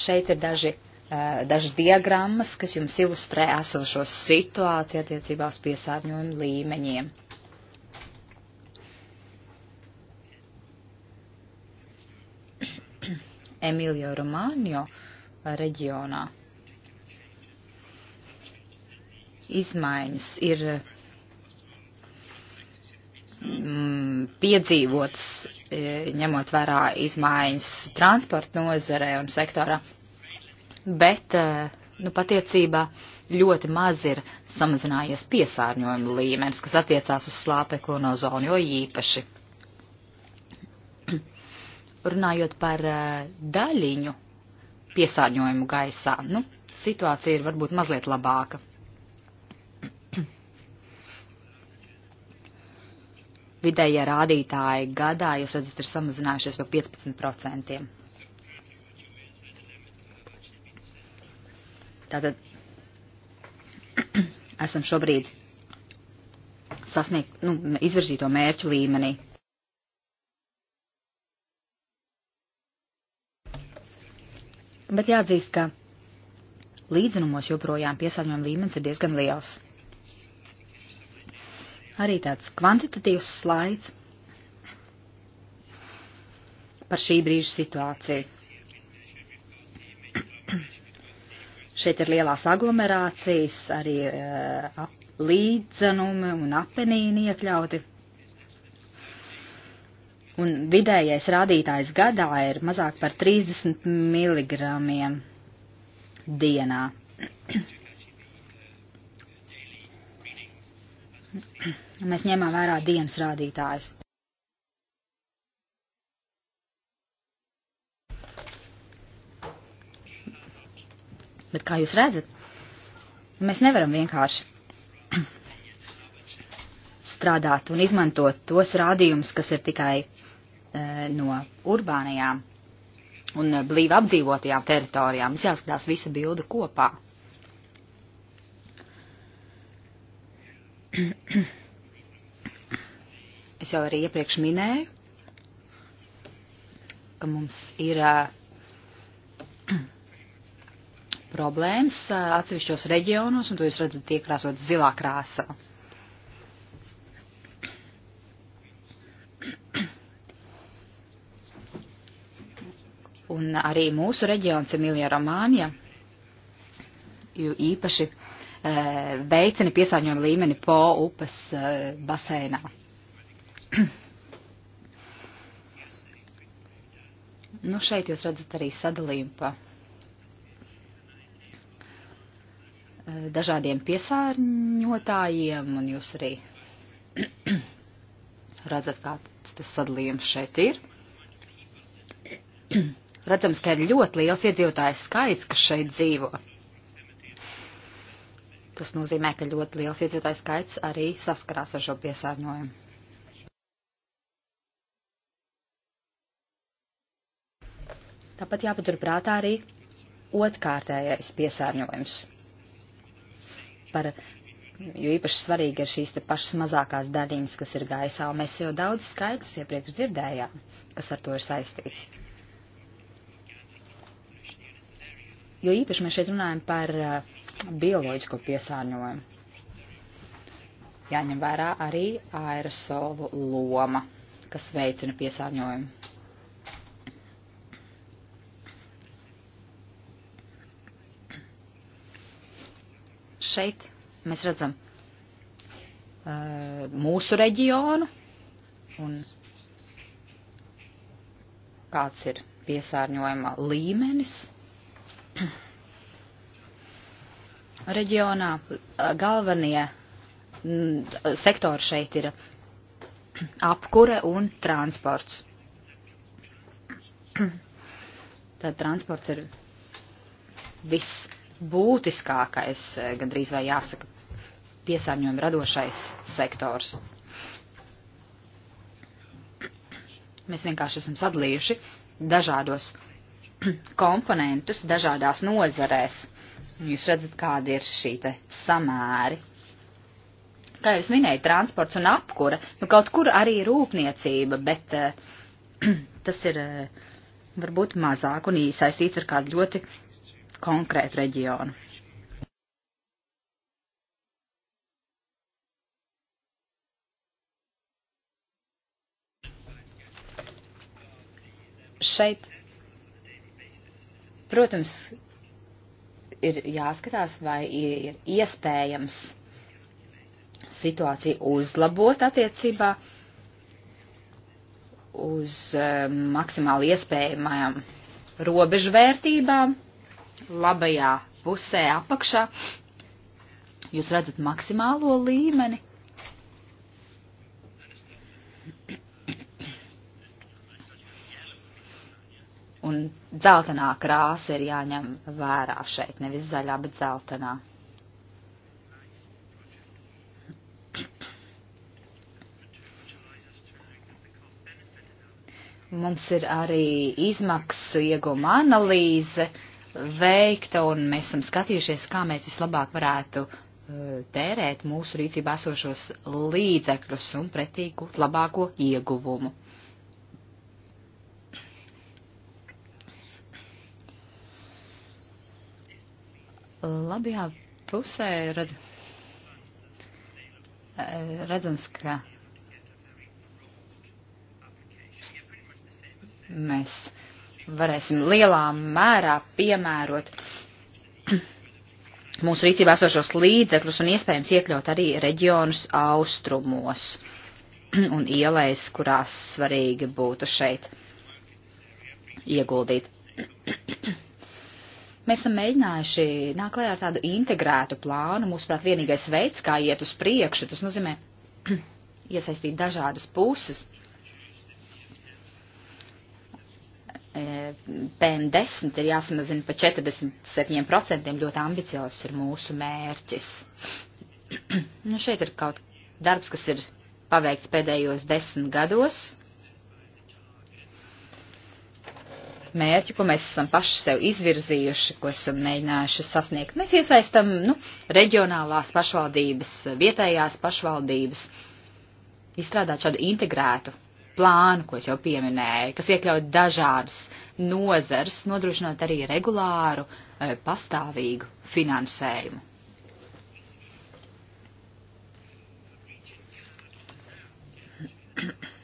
Šeit ir daži, eh, daži diagrammas, kas jums ilustrē esošo situāciju attiecībā uz piesārņojumu līmeņiem. Emīlio Romāņo reģionā. Izmaiņas ir mm, piedzīvots, e, ņemot vērā izmaiņas transporta nozarē un sektorā, bet e, nu, patiecībā ļoti maz ir samazinājies piesārņojuma līmenis, kas attiecās uz slāpeklu un ozonu, jo īpaši runājot par eh, daļiņu piesārņojumu gaisā, nu, situācija ir varbūt mazliet labāka. Vidējie rādītāji gadā, jūs redzat, ir samazinājušies par 15%. Tātad esam šobrīd sasniegt, nu, izvirzīto mērķu līmenī. bet jāatzīst, ka līdzinumos joprojām piesārņojuma līmenis ir diezgan liels. Arī tāds kvantitatīvs slaids par šī brīža situāciju. Šeit ir lielās aglomerācijas, arī uh, ap, līdzenumi un apenīni iekļauti un vidējais rādītājs gadā ir mazāk par 30 mg dienā. Mēs ņemam vērā dienas rādītājs. Bet kā jūs redzat, mēs nevaram vienkārši strādāt un izmantot tos rādījumus, kas ir tikai Eh, no urbānajām un eh, blīvi apdzīvotajām teritorijām. Mums jāskatās visa bilde kopā. Es jau arī iepriekš minēju, ka mums ir eh, problēmas atsevišķos reģionos, un to jūs redzat iekrāsot zilā krāsā. un arī mūsu reģions Emilija Romānija, jo īpaši e, veicina piesārņojumu līmeni po upes e, baseinā. nu, šeit jūs redzat arī sadalījumu pa e, dažādiem piesārņotājiem, un jūs arī redzat, kāds tas sadalījums šeit ir. Redzams, ka ir ļoti liels iedzīvotājs skaits, kas šeit dzīvo. Tas nozīmē, ka ļoti liels iedzīvotājs skaits arī saskarās ar šo piesārņojumu. Tāpat jāpaturprātā arī otrkārtējais piesārņojums. Par, jo īpaši svarīgi ir šīs te pašas mazākās daļiņas, kas ir gaisā, un mēs jau daudz skaidrs iepriekš dzirdējām, kas ar to ir saistīts. jo īpaši mēs šeit runājam par eh, bioloģisko piesārņojumu. Jāņem vērā arī aerosolu loma, kas veicina piesārņojumu. Šeit mēs redzam uh, mūsu reģionu un kāds ir piesārņojuma līmenis Reģionā galvenie sektori šeit ir apkure un transports. Tad transports ir visbūtiskākais, gandrīz vai jāsaka, piesārņojuma radošais sektors. Mēs vienkārši esam sadalījuši dažādos komponentus dažādās nozarēs. Jūs redzat, kādi ir šī te samēri. Kā jau es minēju, transports un apkura, nu kaut kur arī rūpniecība, bet uh, tas ir uh, varbūt mazāk un īsaistīts ar kādu ļoti konkrētu reģionu. Šeit Protams, ir jāskatās, vai ir iespējams situāciju uzlabot attiecībā uz eh, maksimāli iespējamajām robežu vērtībām, labajā pusē apakšā. Jūs redzat maksimālo līmeni, Un dzeltenā krāsa ir jāņem vērā šeit, nevis zaļā, bet dzeltenā. Mums ir arī izmaksu ieguma analīze veikta, un mēs esam skatījušies, kā mēs vislabāk varētu eh, tērēt mūsu rīcībā esošos līdzekļus un pretī gūt labāko ieguvumu. labajā pusē red, e, redzams, ka mēs varēsim lielā mērā piemērot mūsu rīcībā esošos līdzekļus un iespējams iekļaut arī reģionus austrumos un ielais, kurās svarīgi būtu šeit ieguldīt. Mēs esam mēģinājuši nāk klajā ar tādu integrētu plānu. Mūsuprāt, vienīgais veids, kā iet uz priekšu, tas nozīmē iesaistīt dažādas puses. E, PM10 ir jāsamazina pa 47%, ļoti ambiciozs ir mūsu mērķis. nu, šeit ir kaut darbs, kas ir paveikts pēdējos desmit gados, mērķi, ko mēs esam paši sev izvirzījuši, ko esam mēģinājuši sasniegt. Mēs iesaistam nu, reģionālās pašvaldības, vietējās pašvaldības, izstrādāt šādu integrētu plānu, ko es jau pieminēju, kas iekļauj dažādas nozars, nodrošinot arī regulāru, e, pastāvīgu finansējumu. Thank you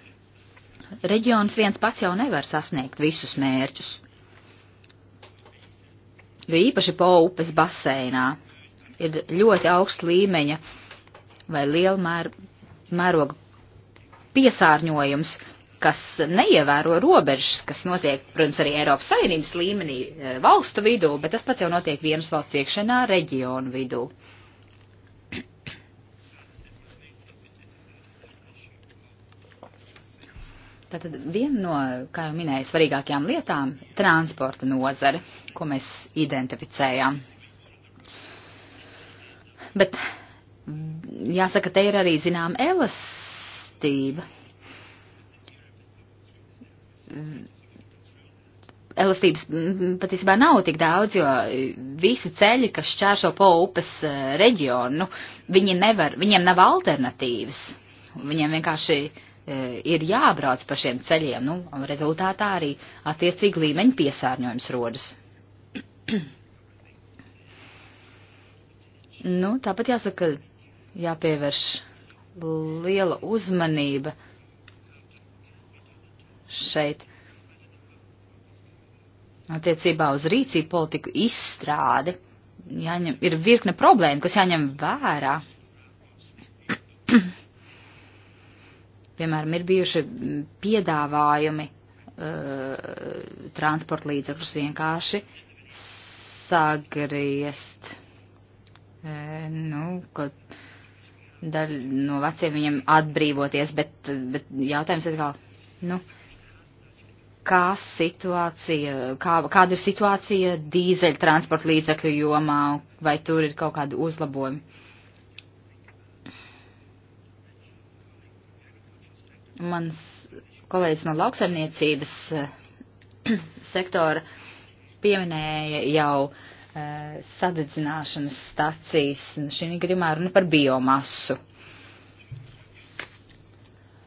reģions viens pats jau nevar sasniegt visus mērķus. Jo īpaši po upes baseinā ir ļoti augsta līmeņa vai liela mēr, mēroga piesārņojums, kas neievēro robežas, kas notiek, protams, arī Eiropas Savienības līmenī eh, valstu vidū, bet tas pats jau notiek vienas valsts iekšēnā reģionu vidū. Uh, Tātad viena no, kā jau minēju, svarīgākajām lietām - transporta nozare, ko mēs identificējām. Bet jāsaka, te ir arī zinām elastība. Elastības mm, patiesībā nav tik daudz, jo visi ceļi, kas šķēršo po upes eh, reģionu, viņi nevar, viņiem nav alternatīvas. Viņiem vienkārši E, ir jābrauc pa šiem ceļiem, nu, un rezultātā arī attiecīgi līmeņa piesārņojums rodas. nu, tāpat jāsaka, ka jāpievērš liela uzmanība šeit attiecībā uz rīcību politiku izstrādi. Jāņem, ir virkne problēma, kas jāņem vērā. Piemēram, ir bijuši piedāvājumi uh, transporta līdzekļus vienkārši sagriezt. E, nu, ka daļa no veciem viņiem atbrīvoties, bet, bet jautājums ir kā, nu, kā situācija, kā, kāda ir situācija dīzeļu transporta līdzekļu jomā, vai tur ir kaut kādi uzlabojumi? Mans kolēģis no lauksaimniecības eh, sektora pieminēja jau eh, sadedzināšanas stacijas, šī gadījumā runa par biomasu.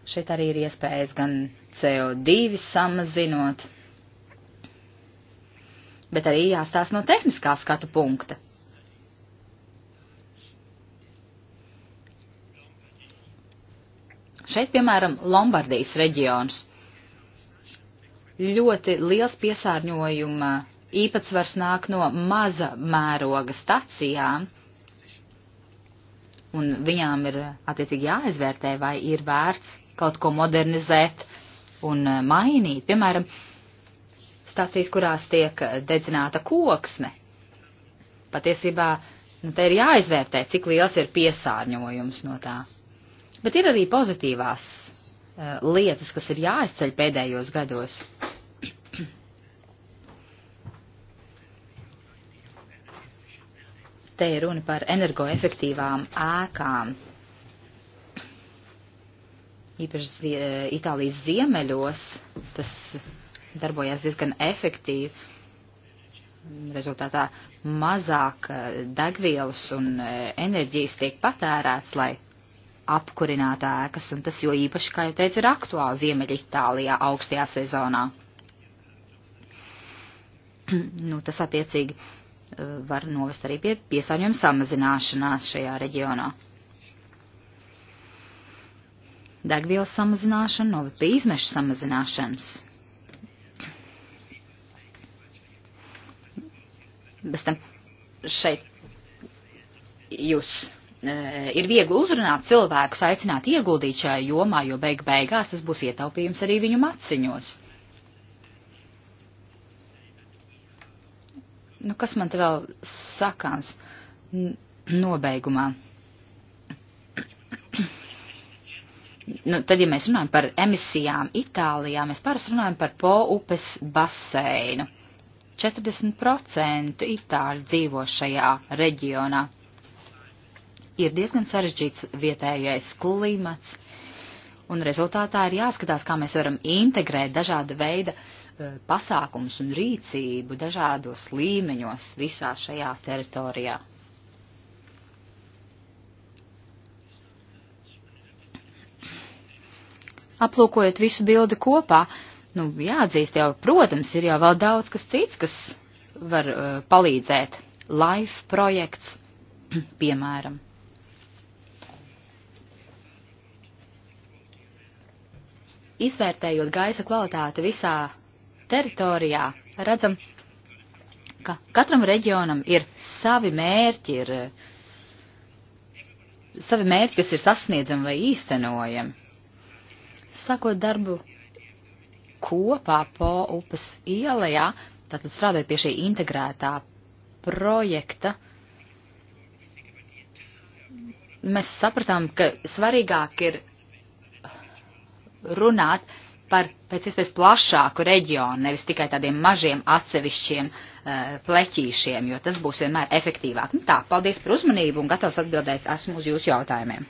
Šeit arī ir iespējas gan CO2 samazinot, bet arī jāstāsta no tehniskā skatu punkta. Šeit, piemēram, Lombardijas reģions. Ļoti liels piesārņojuma īpatsvars nāk no maza mēroga stacijām, un viņām ir attiecīgi jāizvērtē, vai ir vērts kaut ko modernizēt un eh, mainīt. Piemēram, stācijas, kurās tiek dedzināta koksne. Patiesībā nu, te ir jāizvērtē, cik liels ir piesārņojums no tā. Bet ir arī pozitīvās uh, lietas, kas ir jāizceļ pēdējos gados. Te ir runa par energoefektīvām ēkām. Īpaši zie, eh, Itālijas ziemeļos tas darbojās diezgan efektīvi. Rezultātā mazāk eh, degvielas un enerģijas tiek patērēts, lai apkurināt ēkas, un tas jo īpaši, kā jau teicu, ir aktuāli Ziemeļitālijā augstajā sezonā. nu, tas attiecīgi eh, var novest arī pie piesārņojuma samazināšanās šajā reģionā. Degvielas samazināšana noved pie izmešu samazināšanas. Bez tam šeit jūs Eh, ir viegli uzrunāt cilvēkus, aicināt ieguldīt šajā jomā, jo beig beigās tas būs ietaupījums arī viņu maciņos. Nu, kas man te vēl sakāms nobeigumā? Nu, tad, ja mēs runājam par emisijām Itālijā, mēs pāris runājam par Po upes baseinu. 40% itāļu dzīvo šajā reģionā ir diezgan sarežģīts vietējais klimats, un rezultātā ir jāskatās, kā mēs varam integrēt dažāda veida e, pasākums un rīcību dažādos līmeņos visā šajā teritorijā. Aplūkojot visu bildi kopā, nu, jāatzīst jau, protams, ir jau vēl daudz kas cits, kas var uh, palīdzēt. Life projekts, piemēram. izvērtējot gaisa kvalitāti visā teritorijā, redzam, ka katram reģionam ir savi mērķi, ir eh, savi mērķi, kas ir sasniedzami vai īstenojami. Sākot darbu kopā po upes ielajā, tātad strādāju pie šī integrētā projekta, mēs sapratām, ka svarīgāk ir runāt par pēc iespējas plašāku reģionu, nevis tikai tādiem mažiem atsevišķiem uh, pleķīšiem, jo tas būs vienmēr efektīvāk. Nu tā, paldies par uzmanību un gatavs atbildēt esmu uz jūsu jautājumiem.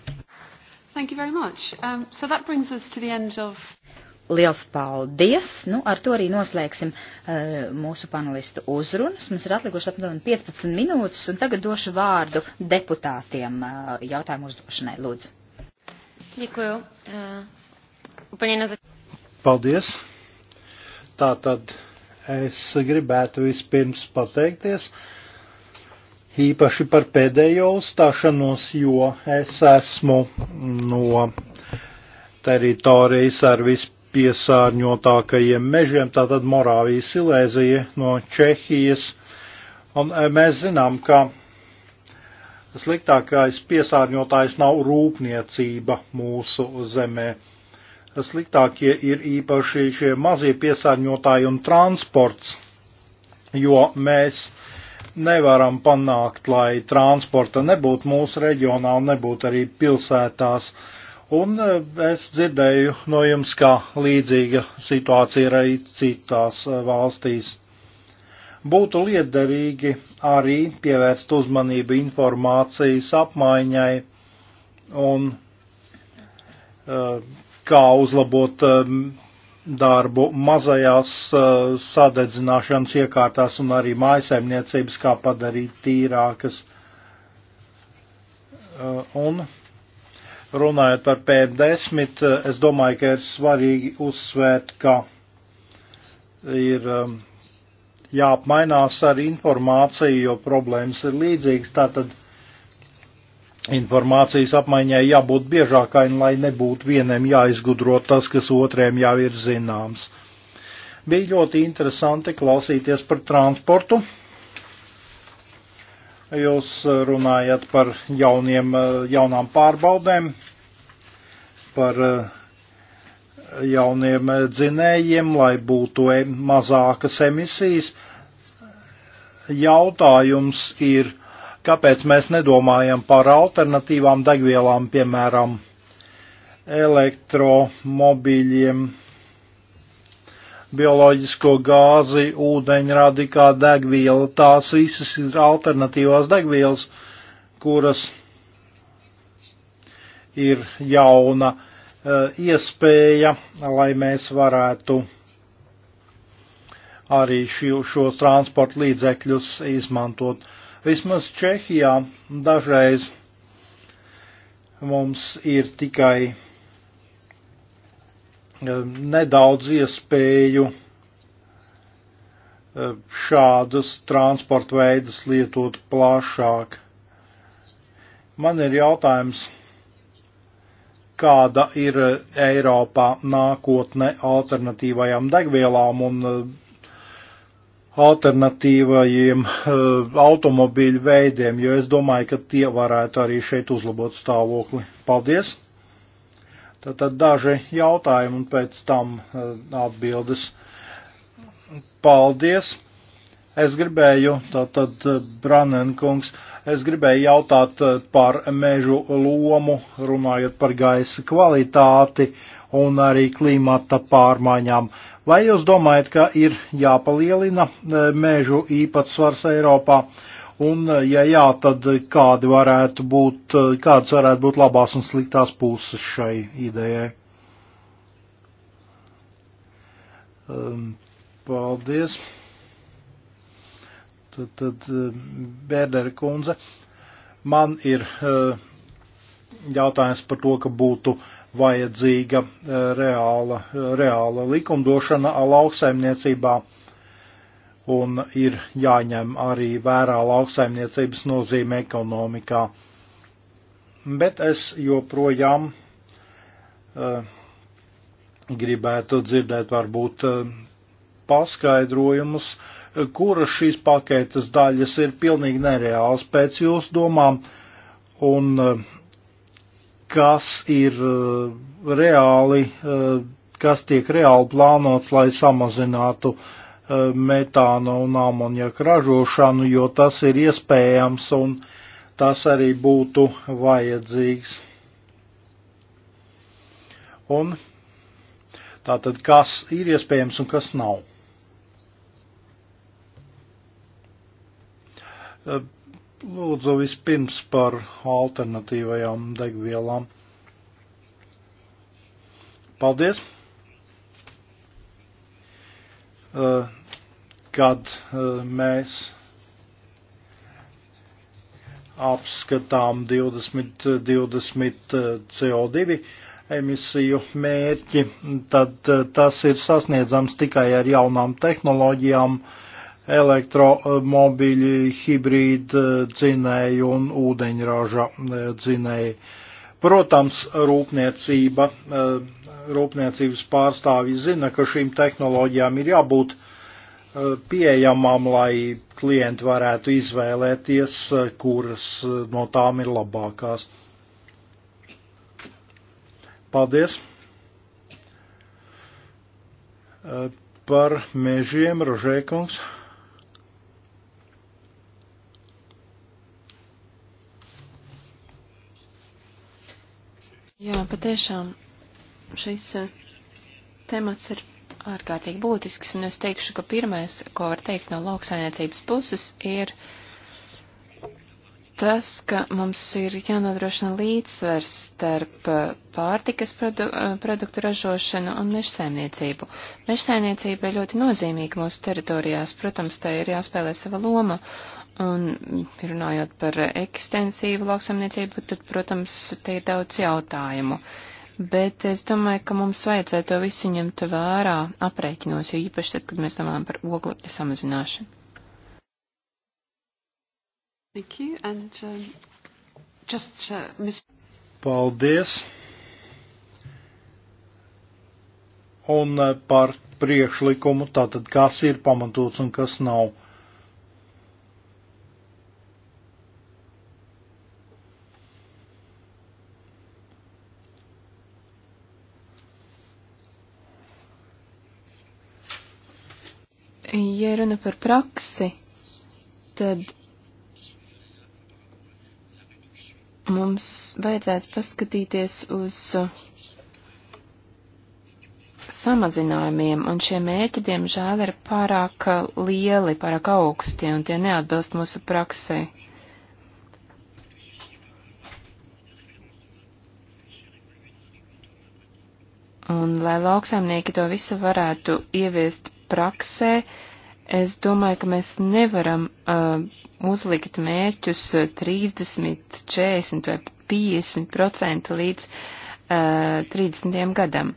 Thank you very much. Um, so that brings us to the end of... Liels paldies! Nu, ar to arī noslēgsim uh, mūsu panelistu uzrunas. Mums ir atlikuši apmēram 15 minūtes, un tagad došu vārdu deputātiem uh, jautājumu uzdošanai. Lūdzu. Děkuju. Uh, Paldies! Tātad es gribētu vispirms pateikties īpaši par pēdējo uzstāšanos, jo es esmu no teritorijas ar vispiesārņotākajiem mežiem, tātad Morāvija Silēzija no Čehijas. Un e, mēs zinām, ka sliktākais piesārņotājs nav rūpniecība mūsu zemē sliktākie ir īpaši šie mazie piesārņotāji un transports, jo mēs nevaram panākt, lai transporta nebūtu mūsu reģionā un nebūtu arī pilsētās. Un e, es dzirdēju no jums, ka līdzīga situācija ir arī citās e, valstīs. Būtu liederīgi arī pievērst uzmanību informācijas apmaiņai un uh, kā uzlabot um, darbu mazajās uh, sadedzināšanas iekārtās un arī mājasemniecības, kā padarīt tīrākas. Uh, un runājot par PM10, uh, es domāju, ka ir svarīgi uzsvērt, ka ir um, jāapmainās ar informāciju, jo problēmas ir līdzīgas. Tātad informācijas apmaiņai jābūt biežākai, lai nebūtu vienam jāizgudro tas, kas otriem jau ir zināms. Bija ļoti interesanti klausīties par transportu. Jūs eh, runājat par jauniem, eh, jaunām pārbaudēm, par eh, jauniem dzinējiem, lai būtu mazākas emisijas. Jautājums ir, kāpēc mēs nedomājam par alternatīvām degvielām, piemēram, elektromobīļiem, bioloģisko gāzi, ūdeņradi kā degviela. Tās visas ir alternatīvās degvielas, kuras ir jauna eh, iespēja, lai mēs varētu arī šo, šos transporta līdzekļus izmantot. Vismaz Čehijā dažreiz mums ir tikai um, nedaudz iespēju um, šādas transporta veidus lietot plašāk. Man ir jautājums, kāda ir uh, Eiropā nākotne alternatīvajām degvielām un uh, alternatīvajiem eh, automobīļu veidiem, jo es domāju, ka tie varētu arī šeit uzlabot stāvokli. Paldies! Tātad daži jautājumi un pēc tam eh, atbildes. Paldies! Es gribēju, tātad Branenkungs, es gribēju jautāt eh, par mežu lomu, runājot par gaisa kvalitāti un arī klimata pārmaiņām. Uh, Vai jūs domājat, ka ir jāpalielina e, mēžu īpatsvars Eiropā? Un, e, ja jā, tad kādi varētu būt, e, kādas varētu būt labās un sliktās puses šai idejai? Paldies. Tad, tad Bērdera kundze. Man ir uh, jautājums par to, ka būtu vajadzīga e, reāla, e, reāla likumdošana lauksaimniecībā un ir jāņem arī vērā lauksaimniecības nozīme ekonomikā. Bet es joprojām uh, gribētu dzirdēt varbūt uh, paskaidrojumus, kuras šīs paketes daļas ir pilnīgi nereāls pēc jūsu domām, un uh, kas ir eh, reāli, eh, kas tiek reāli plānots, lai samazinātu eh, metāna un amoniaka ražošanu, jo tas ir iespējams un tas arī būtu vajadzīgs. Un tātad, kas ir iespējams un kas nav? Lūdzu, vispirms par alternatīvajām degvielām. Paldies! Eh, kad eh, mēs apskatām 2020 eh, CO2 emisiju mērķi, tad tas ir sasniedzams tikai ar jaunām tehnoloģijām, uh, elektromobīļi, hibrīda e, dzinēji un ūdeņraža e, dzinēji. Protams, rūpniecība, e, rūpniecības pārstāvji zina, ka šīm tehnoloģijām ir jābūt pieejamām, lai klienti varētu izvēlēties, kuras no tām ir labākās. Paldies! Par mežiem, Rožēkungs. Jā, patiešām šis eh, temats ir ārkārtīgi būtisks, un es teikšu, ka pirmais, ko var teikt no lauksainiecības puses, ir tas, ka mums ir jānodrošina līdzsvers starp eh, pārtikas produ eh, produktu ražošanu un mežsaimniecību. Mežsaimniecība ir ļoti nozīmīga mūsu teritorijās, protams, tai ir jāspēlē sava loma, Un runājot par ekstensīvu lauksamniecību, tad, protams, te ir daudz jautājumu. Bet es domāju, ka mums vajadzētu to visu ņemt vērā aprēķinos, jo īpaši tad, kad mēs domājam par oglekļa samazināšanu. Thank you, and um, just, uh, mis... Paldies. Un uh, par priekšlikumu, tātad kas ir pamatots un kas nav. par praksi, tad mums vajadzētu paskatīties uz samazinājumiem, un šie mēķi, diemžēl, ir pārāk lieli, pārāk augsti, un tie neatbilst mūsu praksē. Un, lai lauksaimnieki to visu varētu ieviest praksē, uh, Es domāju, ka mēs nevaram uh, uzlikt mērķus 30, uh, 40 vai 50% līdz uh, 30. gadam.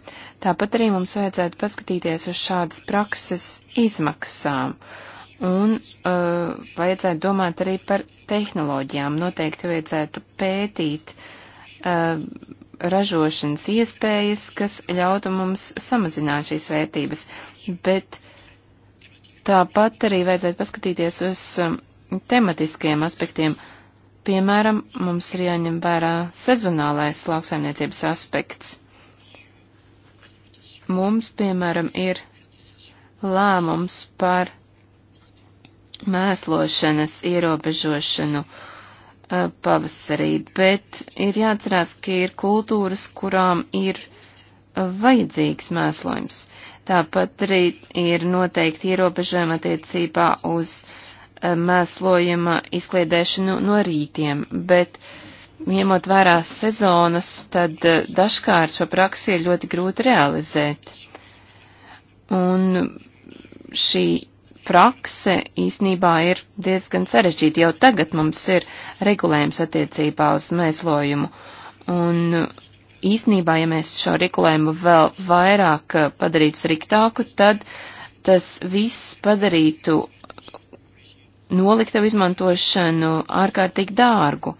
Tāpat arī mums vajadzētu paskatīties uz šādas prakses izmaksām. Un uh, vajadzētu domāt arī par tehnoloģijām. Noteikti vajadzētu pētīt uh, ražošanas iespējas, kas ļautu mums samazināt šīs vērtības. Bet uh, Tāpat arī vajadzētu paskatīties uz um, tematiskiem aspektiem. Piemēram, mums ir jāņem vērā sezonālais lauksaimniecības aspekts. Mums, piemēram, ir lēmums par mēslošanas ierobežošanu uh, pavasarī, bet ir jāatcerās, ka ir kultūras, kurām ir vajadzīgs mēslojums. Uh, Tāpat arī ir noteikti ierobežojumi attiecībā uz eh, mēslojuma izkliedēšanu no rītiem, bet ņemot vērā sezonas, tad eh, dažkārt šo praksi ir ļoti grūti realizēt. Un šī prakse īsnībā ir diezgan sarežģīta. Jau tagad mums ir regulējums attiecībā uz mēslojumu. Un īsnībā, ja mēs šo regulējumu vēl vairāk eh, padarītu striktāku, tad tas viss padarītu noliktavu izmantošanu ārkārtīgi dārgu.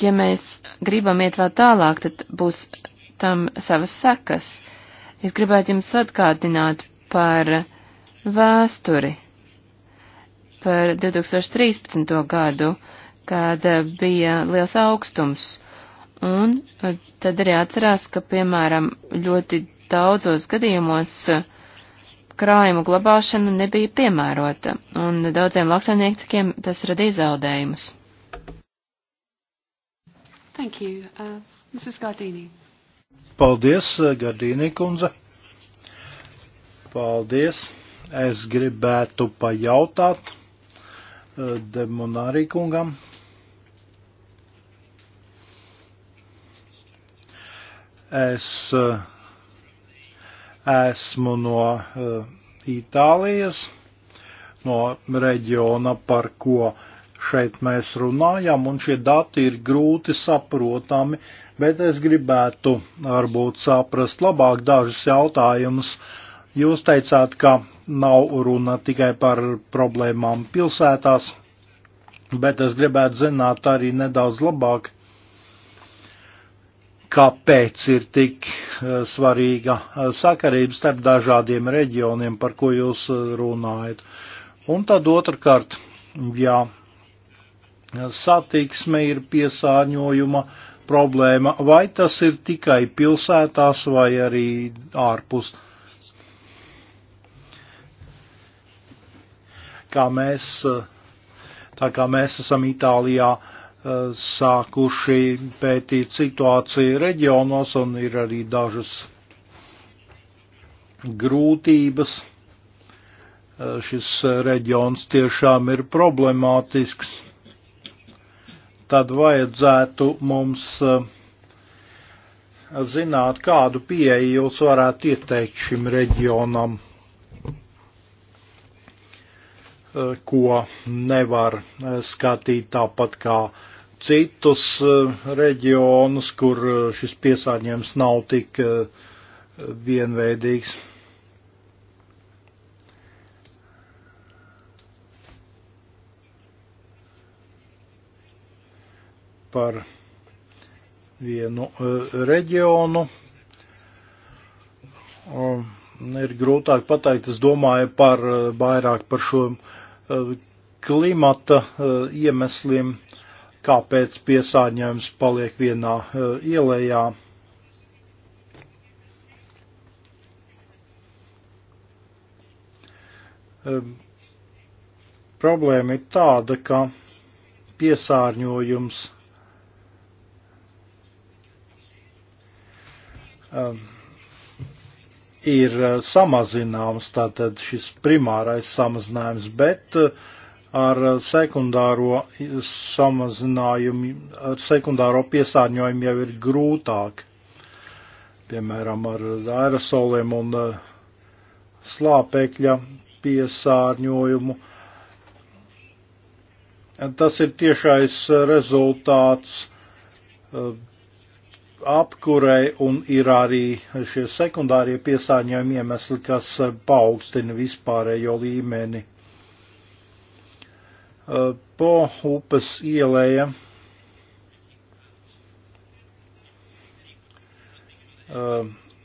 Ja mēs gribam iet vēl tālāk, tad būs tam savas sekas. Es gribētu jums atgādināt par vēsturi, par 2013. gadu, kad bija liels augstums Un eh, tad arī atcerās, ka, piemēram, ļoti daudzos gadījumos eh, krājumu glabāšana nebija piemērota, un daudziem lauksaimniekiem tas radīja zaudējumus. Thank you. Uh, Mrs. Gardini. Paldies, eh, Gardīnī kundze. Paldies. Es gribētu pajautāt Demonārī kungam. Es eh, esmu no eh, Itālijas, no reģiona, par ko šeit mēs runājam, un šie dati ir grūti saprotami, bet es gribētu varbūt saprast labāk dažus jautājumus. Jūs teicāt, ka nav runa tikai par problēmām pilsētās, bet es gribētu zināt arī nedaudz labāk kāpēc ir tik eh, svarīga eh, sakarība starp dažādiem reģioniem, par ko jūs eh, runājat. Un tad otrkārt, jā, satiksme ir piesārņojuma problēma, vai tas ir tikai pilsētās vai arī ārpus. Kā mēs, tā kā mēs esam Itālijā, uh, sākuši pētīt situāciju reģionos un ir arī dažas grūtības. Šis reģions tiešām ir problemātisks. Tad vajadzētu mums zināt, kādu pieeju jūs varētu ieteikt šim reģionam ko nevar skatīt tāpat kā citus eh, reģionus, kur eh, šis piesārņojums nav tik eh, vienveidīgs. Par vienu reģionu um, ir grūtāk pateikt, es domāju par vairāk par šo uh, Eh, klimata eh, iemesliem, kāpēc piesārņojums paliek vienā eh, ielējā. Problēma ir tāda, ka piesārņojums um, ir eh, samazināms, tātad šis primārais samazinājums, bet eh, ar eh, sekundāro samazinājumu, ar sekundāro piesārņojumu jau ir grūtāk. Piemēram, ar aerosoliem un slāpekļa piesārņojumu. Tas ir tiešais rezultāts apkurei un ir arī šie sekundārie piesārņojumi iemesli, kas paaugstina vispārējo līmeni. Eh, po upes ielēja eh,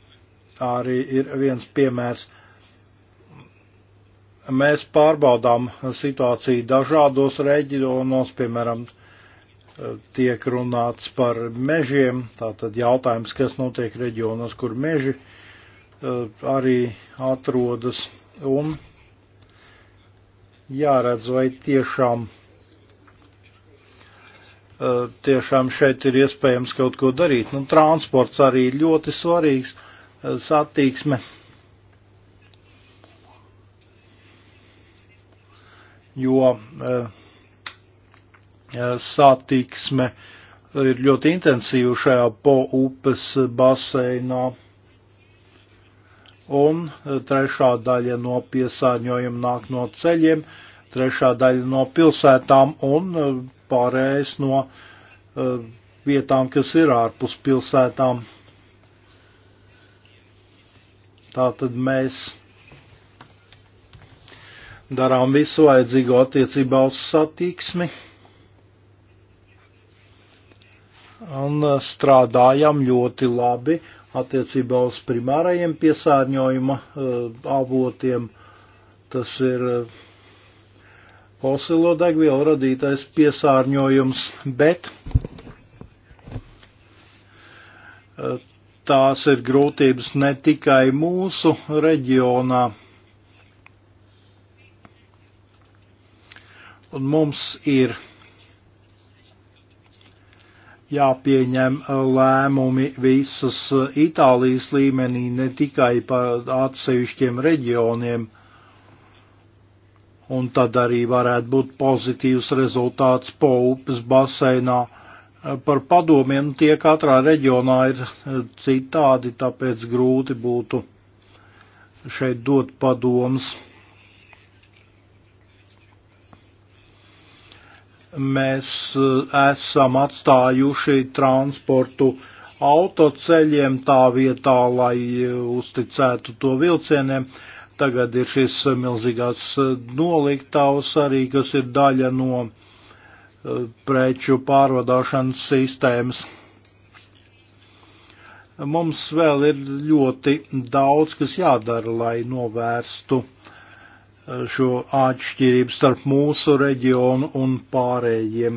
arī ir viens piemērs. Mēs pārbaudām situāciju dažādos reģionos, piemēram, tiek runāts par mežiem, tātad jautājums, kas notiek reģionos, kur meži e, arī atrodas, un jāredz, vai tiešām, e, tiešām šeit ir iespējams kaut ko darīt. Nu, transports arī ļoti svarīgs, e, satiksme. Jo uh, satiksme ir ļoti intensīva šajā po upes baseinā. Un e, trešā daļa no piesārņojuma nāk no ceļiem, trešā daļa no pilsētām un e, pārējais no uh, vietām, kas ir ārpus pilsētām. Tātad mēs darām visu vajadzīgo attiecībā uz satiksmi. un uh, strādājam ļoti labi attiecībā uz primārajiem piesārņojuma uh, avotiem. Tas ir uh, fosilo degvielu radītais piesārņojums, bet tās ir grūtības ne tikai mūsu reģionā. Un mums ir jāpieņem uh, lēmumi visas uh, Itālijas līmenī, ne tikai par atsevišķiem reģioniem. Un tad arī varētu būt pozitīvs rezultāts po upes baseinā. Uh, par padomiem nu, tie katrā reģionā ir citādi, tāpēc grūti būtu šeit dot padomus. mēs eh, esam atstājuši transportu autoceļiem tā vietā, lai uzticētu to vilcieniem. Tagad ir šis milzīgās eh, noliktavas arī, kas ir daļa no eh, preču pārvadāšanas sistēmas. Mums vēl ir ļoti daudz, kas jādara, lai novērstu uh, šo atšķirību starp mūsu reģionu un pārējiem.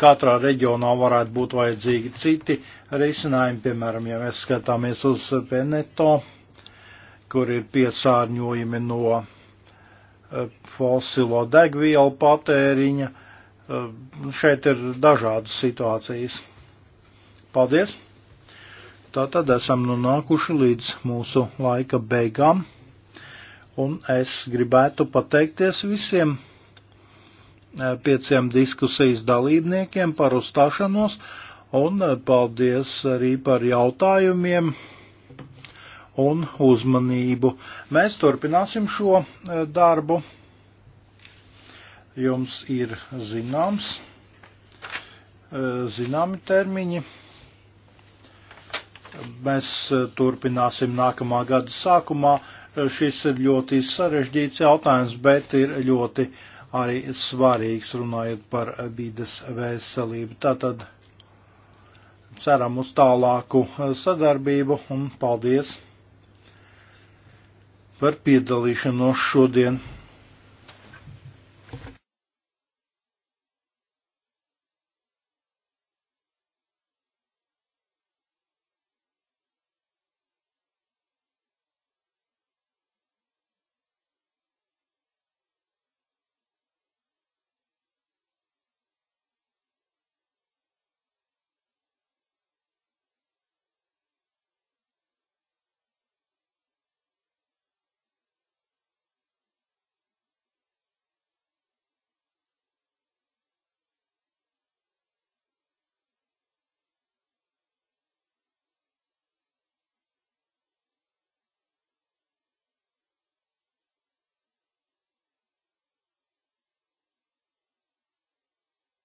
Katrā reģionā varētu būt vajadzīgi citi risinājumi, piemēram, ja mēs skatāmies uz Veneto, kur ir piesārņojumi no eh, fosilo degvielu patēriņa. Eh, šeit ir dažādas situācijas. Paldies! Tātad esam nonākuši nu līdz mūsu laika beigām, un es gribētu pateikties visiem e, pieciem diskusijas dalībniekiem par uzstāšanos, un e, paldies arī par jautājumiem un uzmanību. Mēs turpināsim šo e, darbu. Jums ir zināms, zināmi termiņi. Mēs eh, turpināsim nākamā gada sākumā. Eh, šis ir ļoti sarežģīts jautājums, bet ir ļoti arī svarīgs runājot par eh, vides veselību. Tātad ceram uz tālāku sadarbību un paldies par piedalīšanos šodien.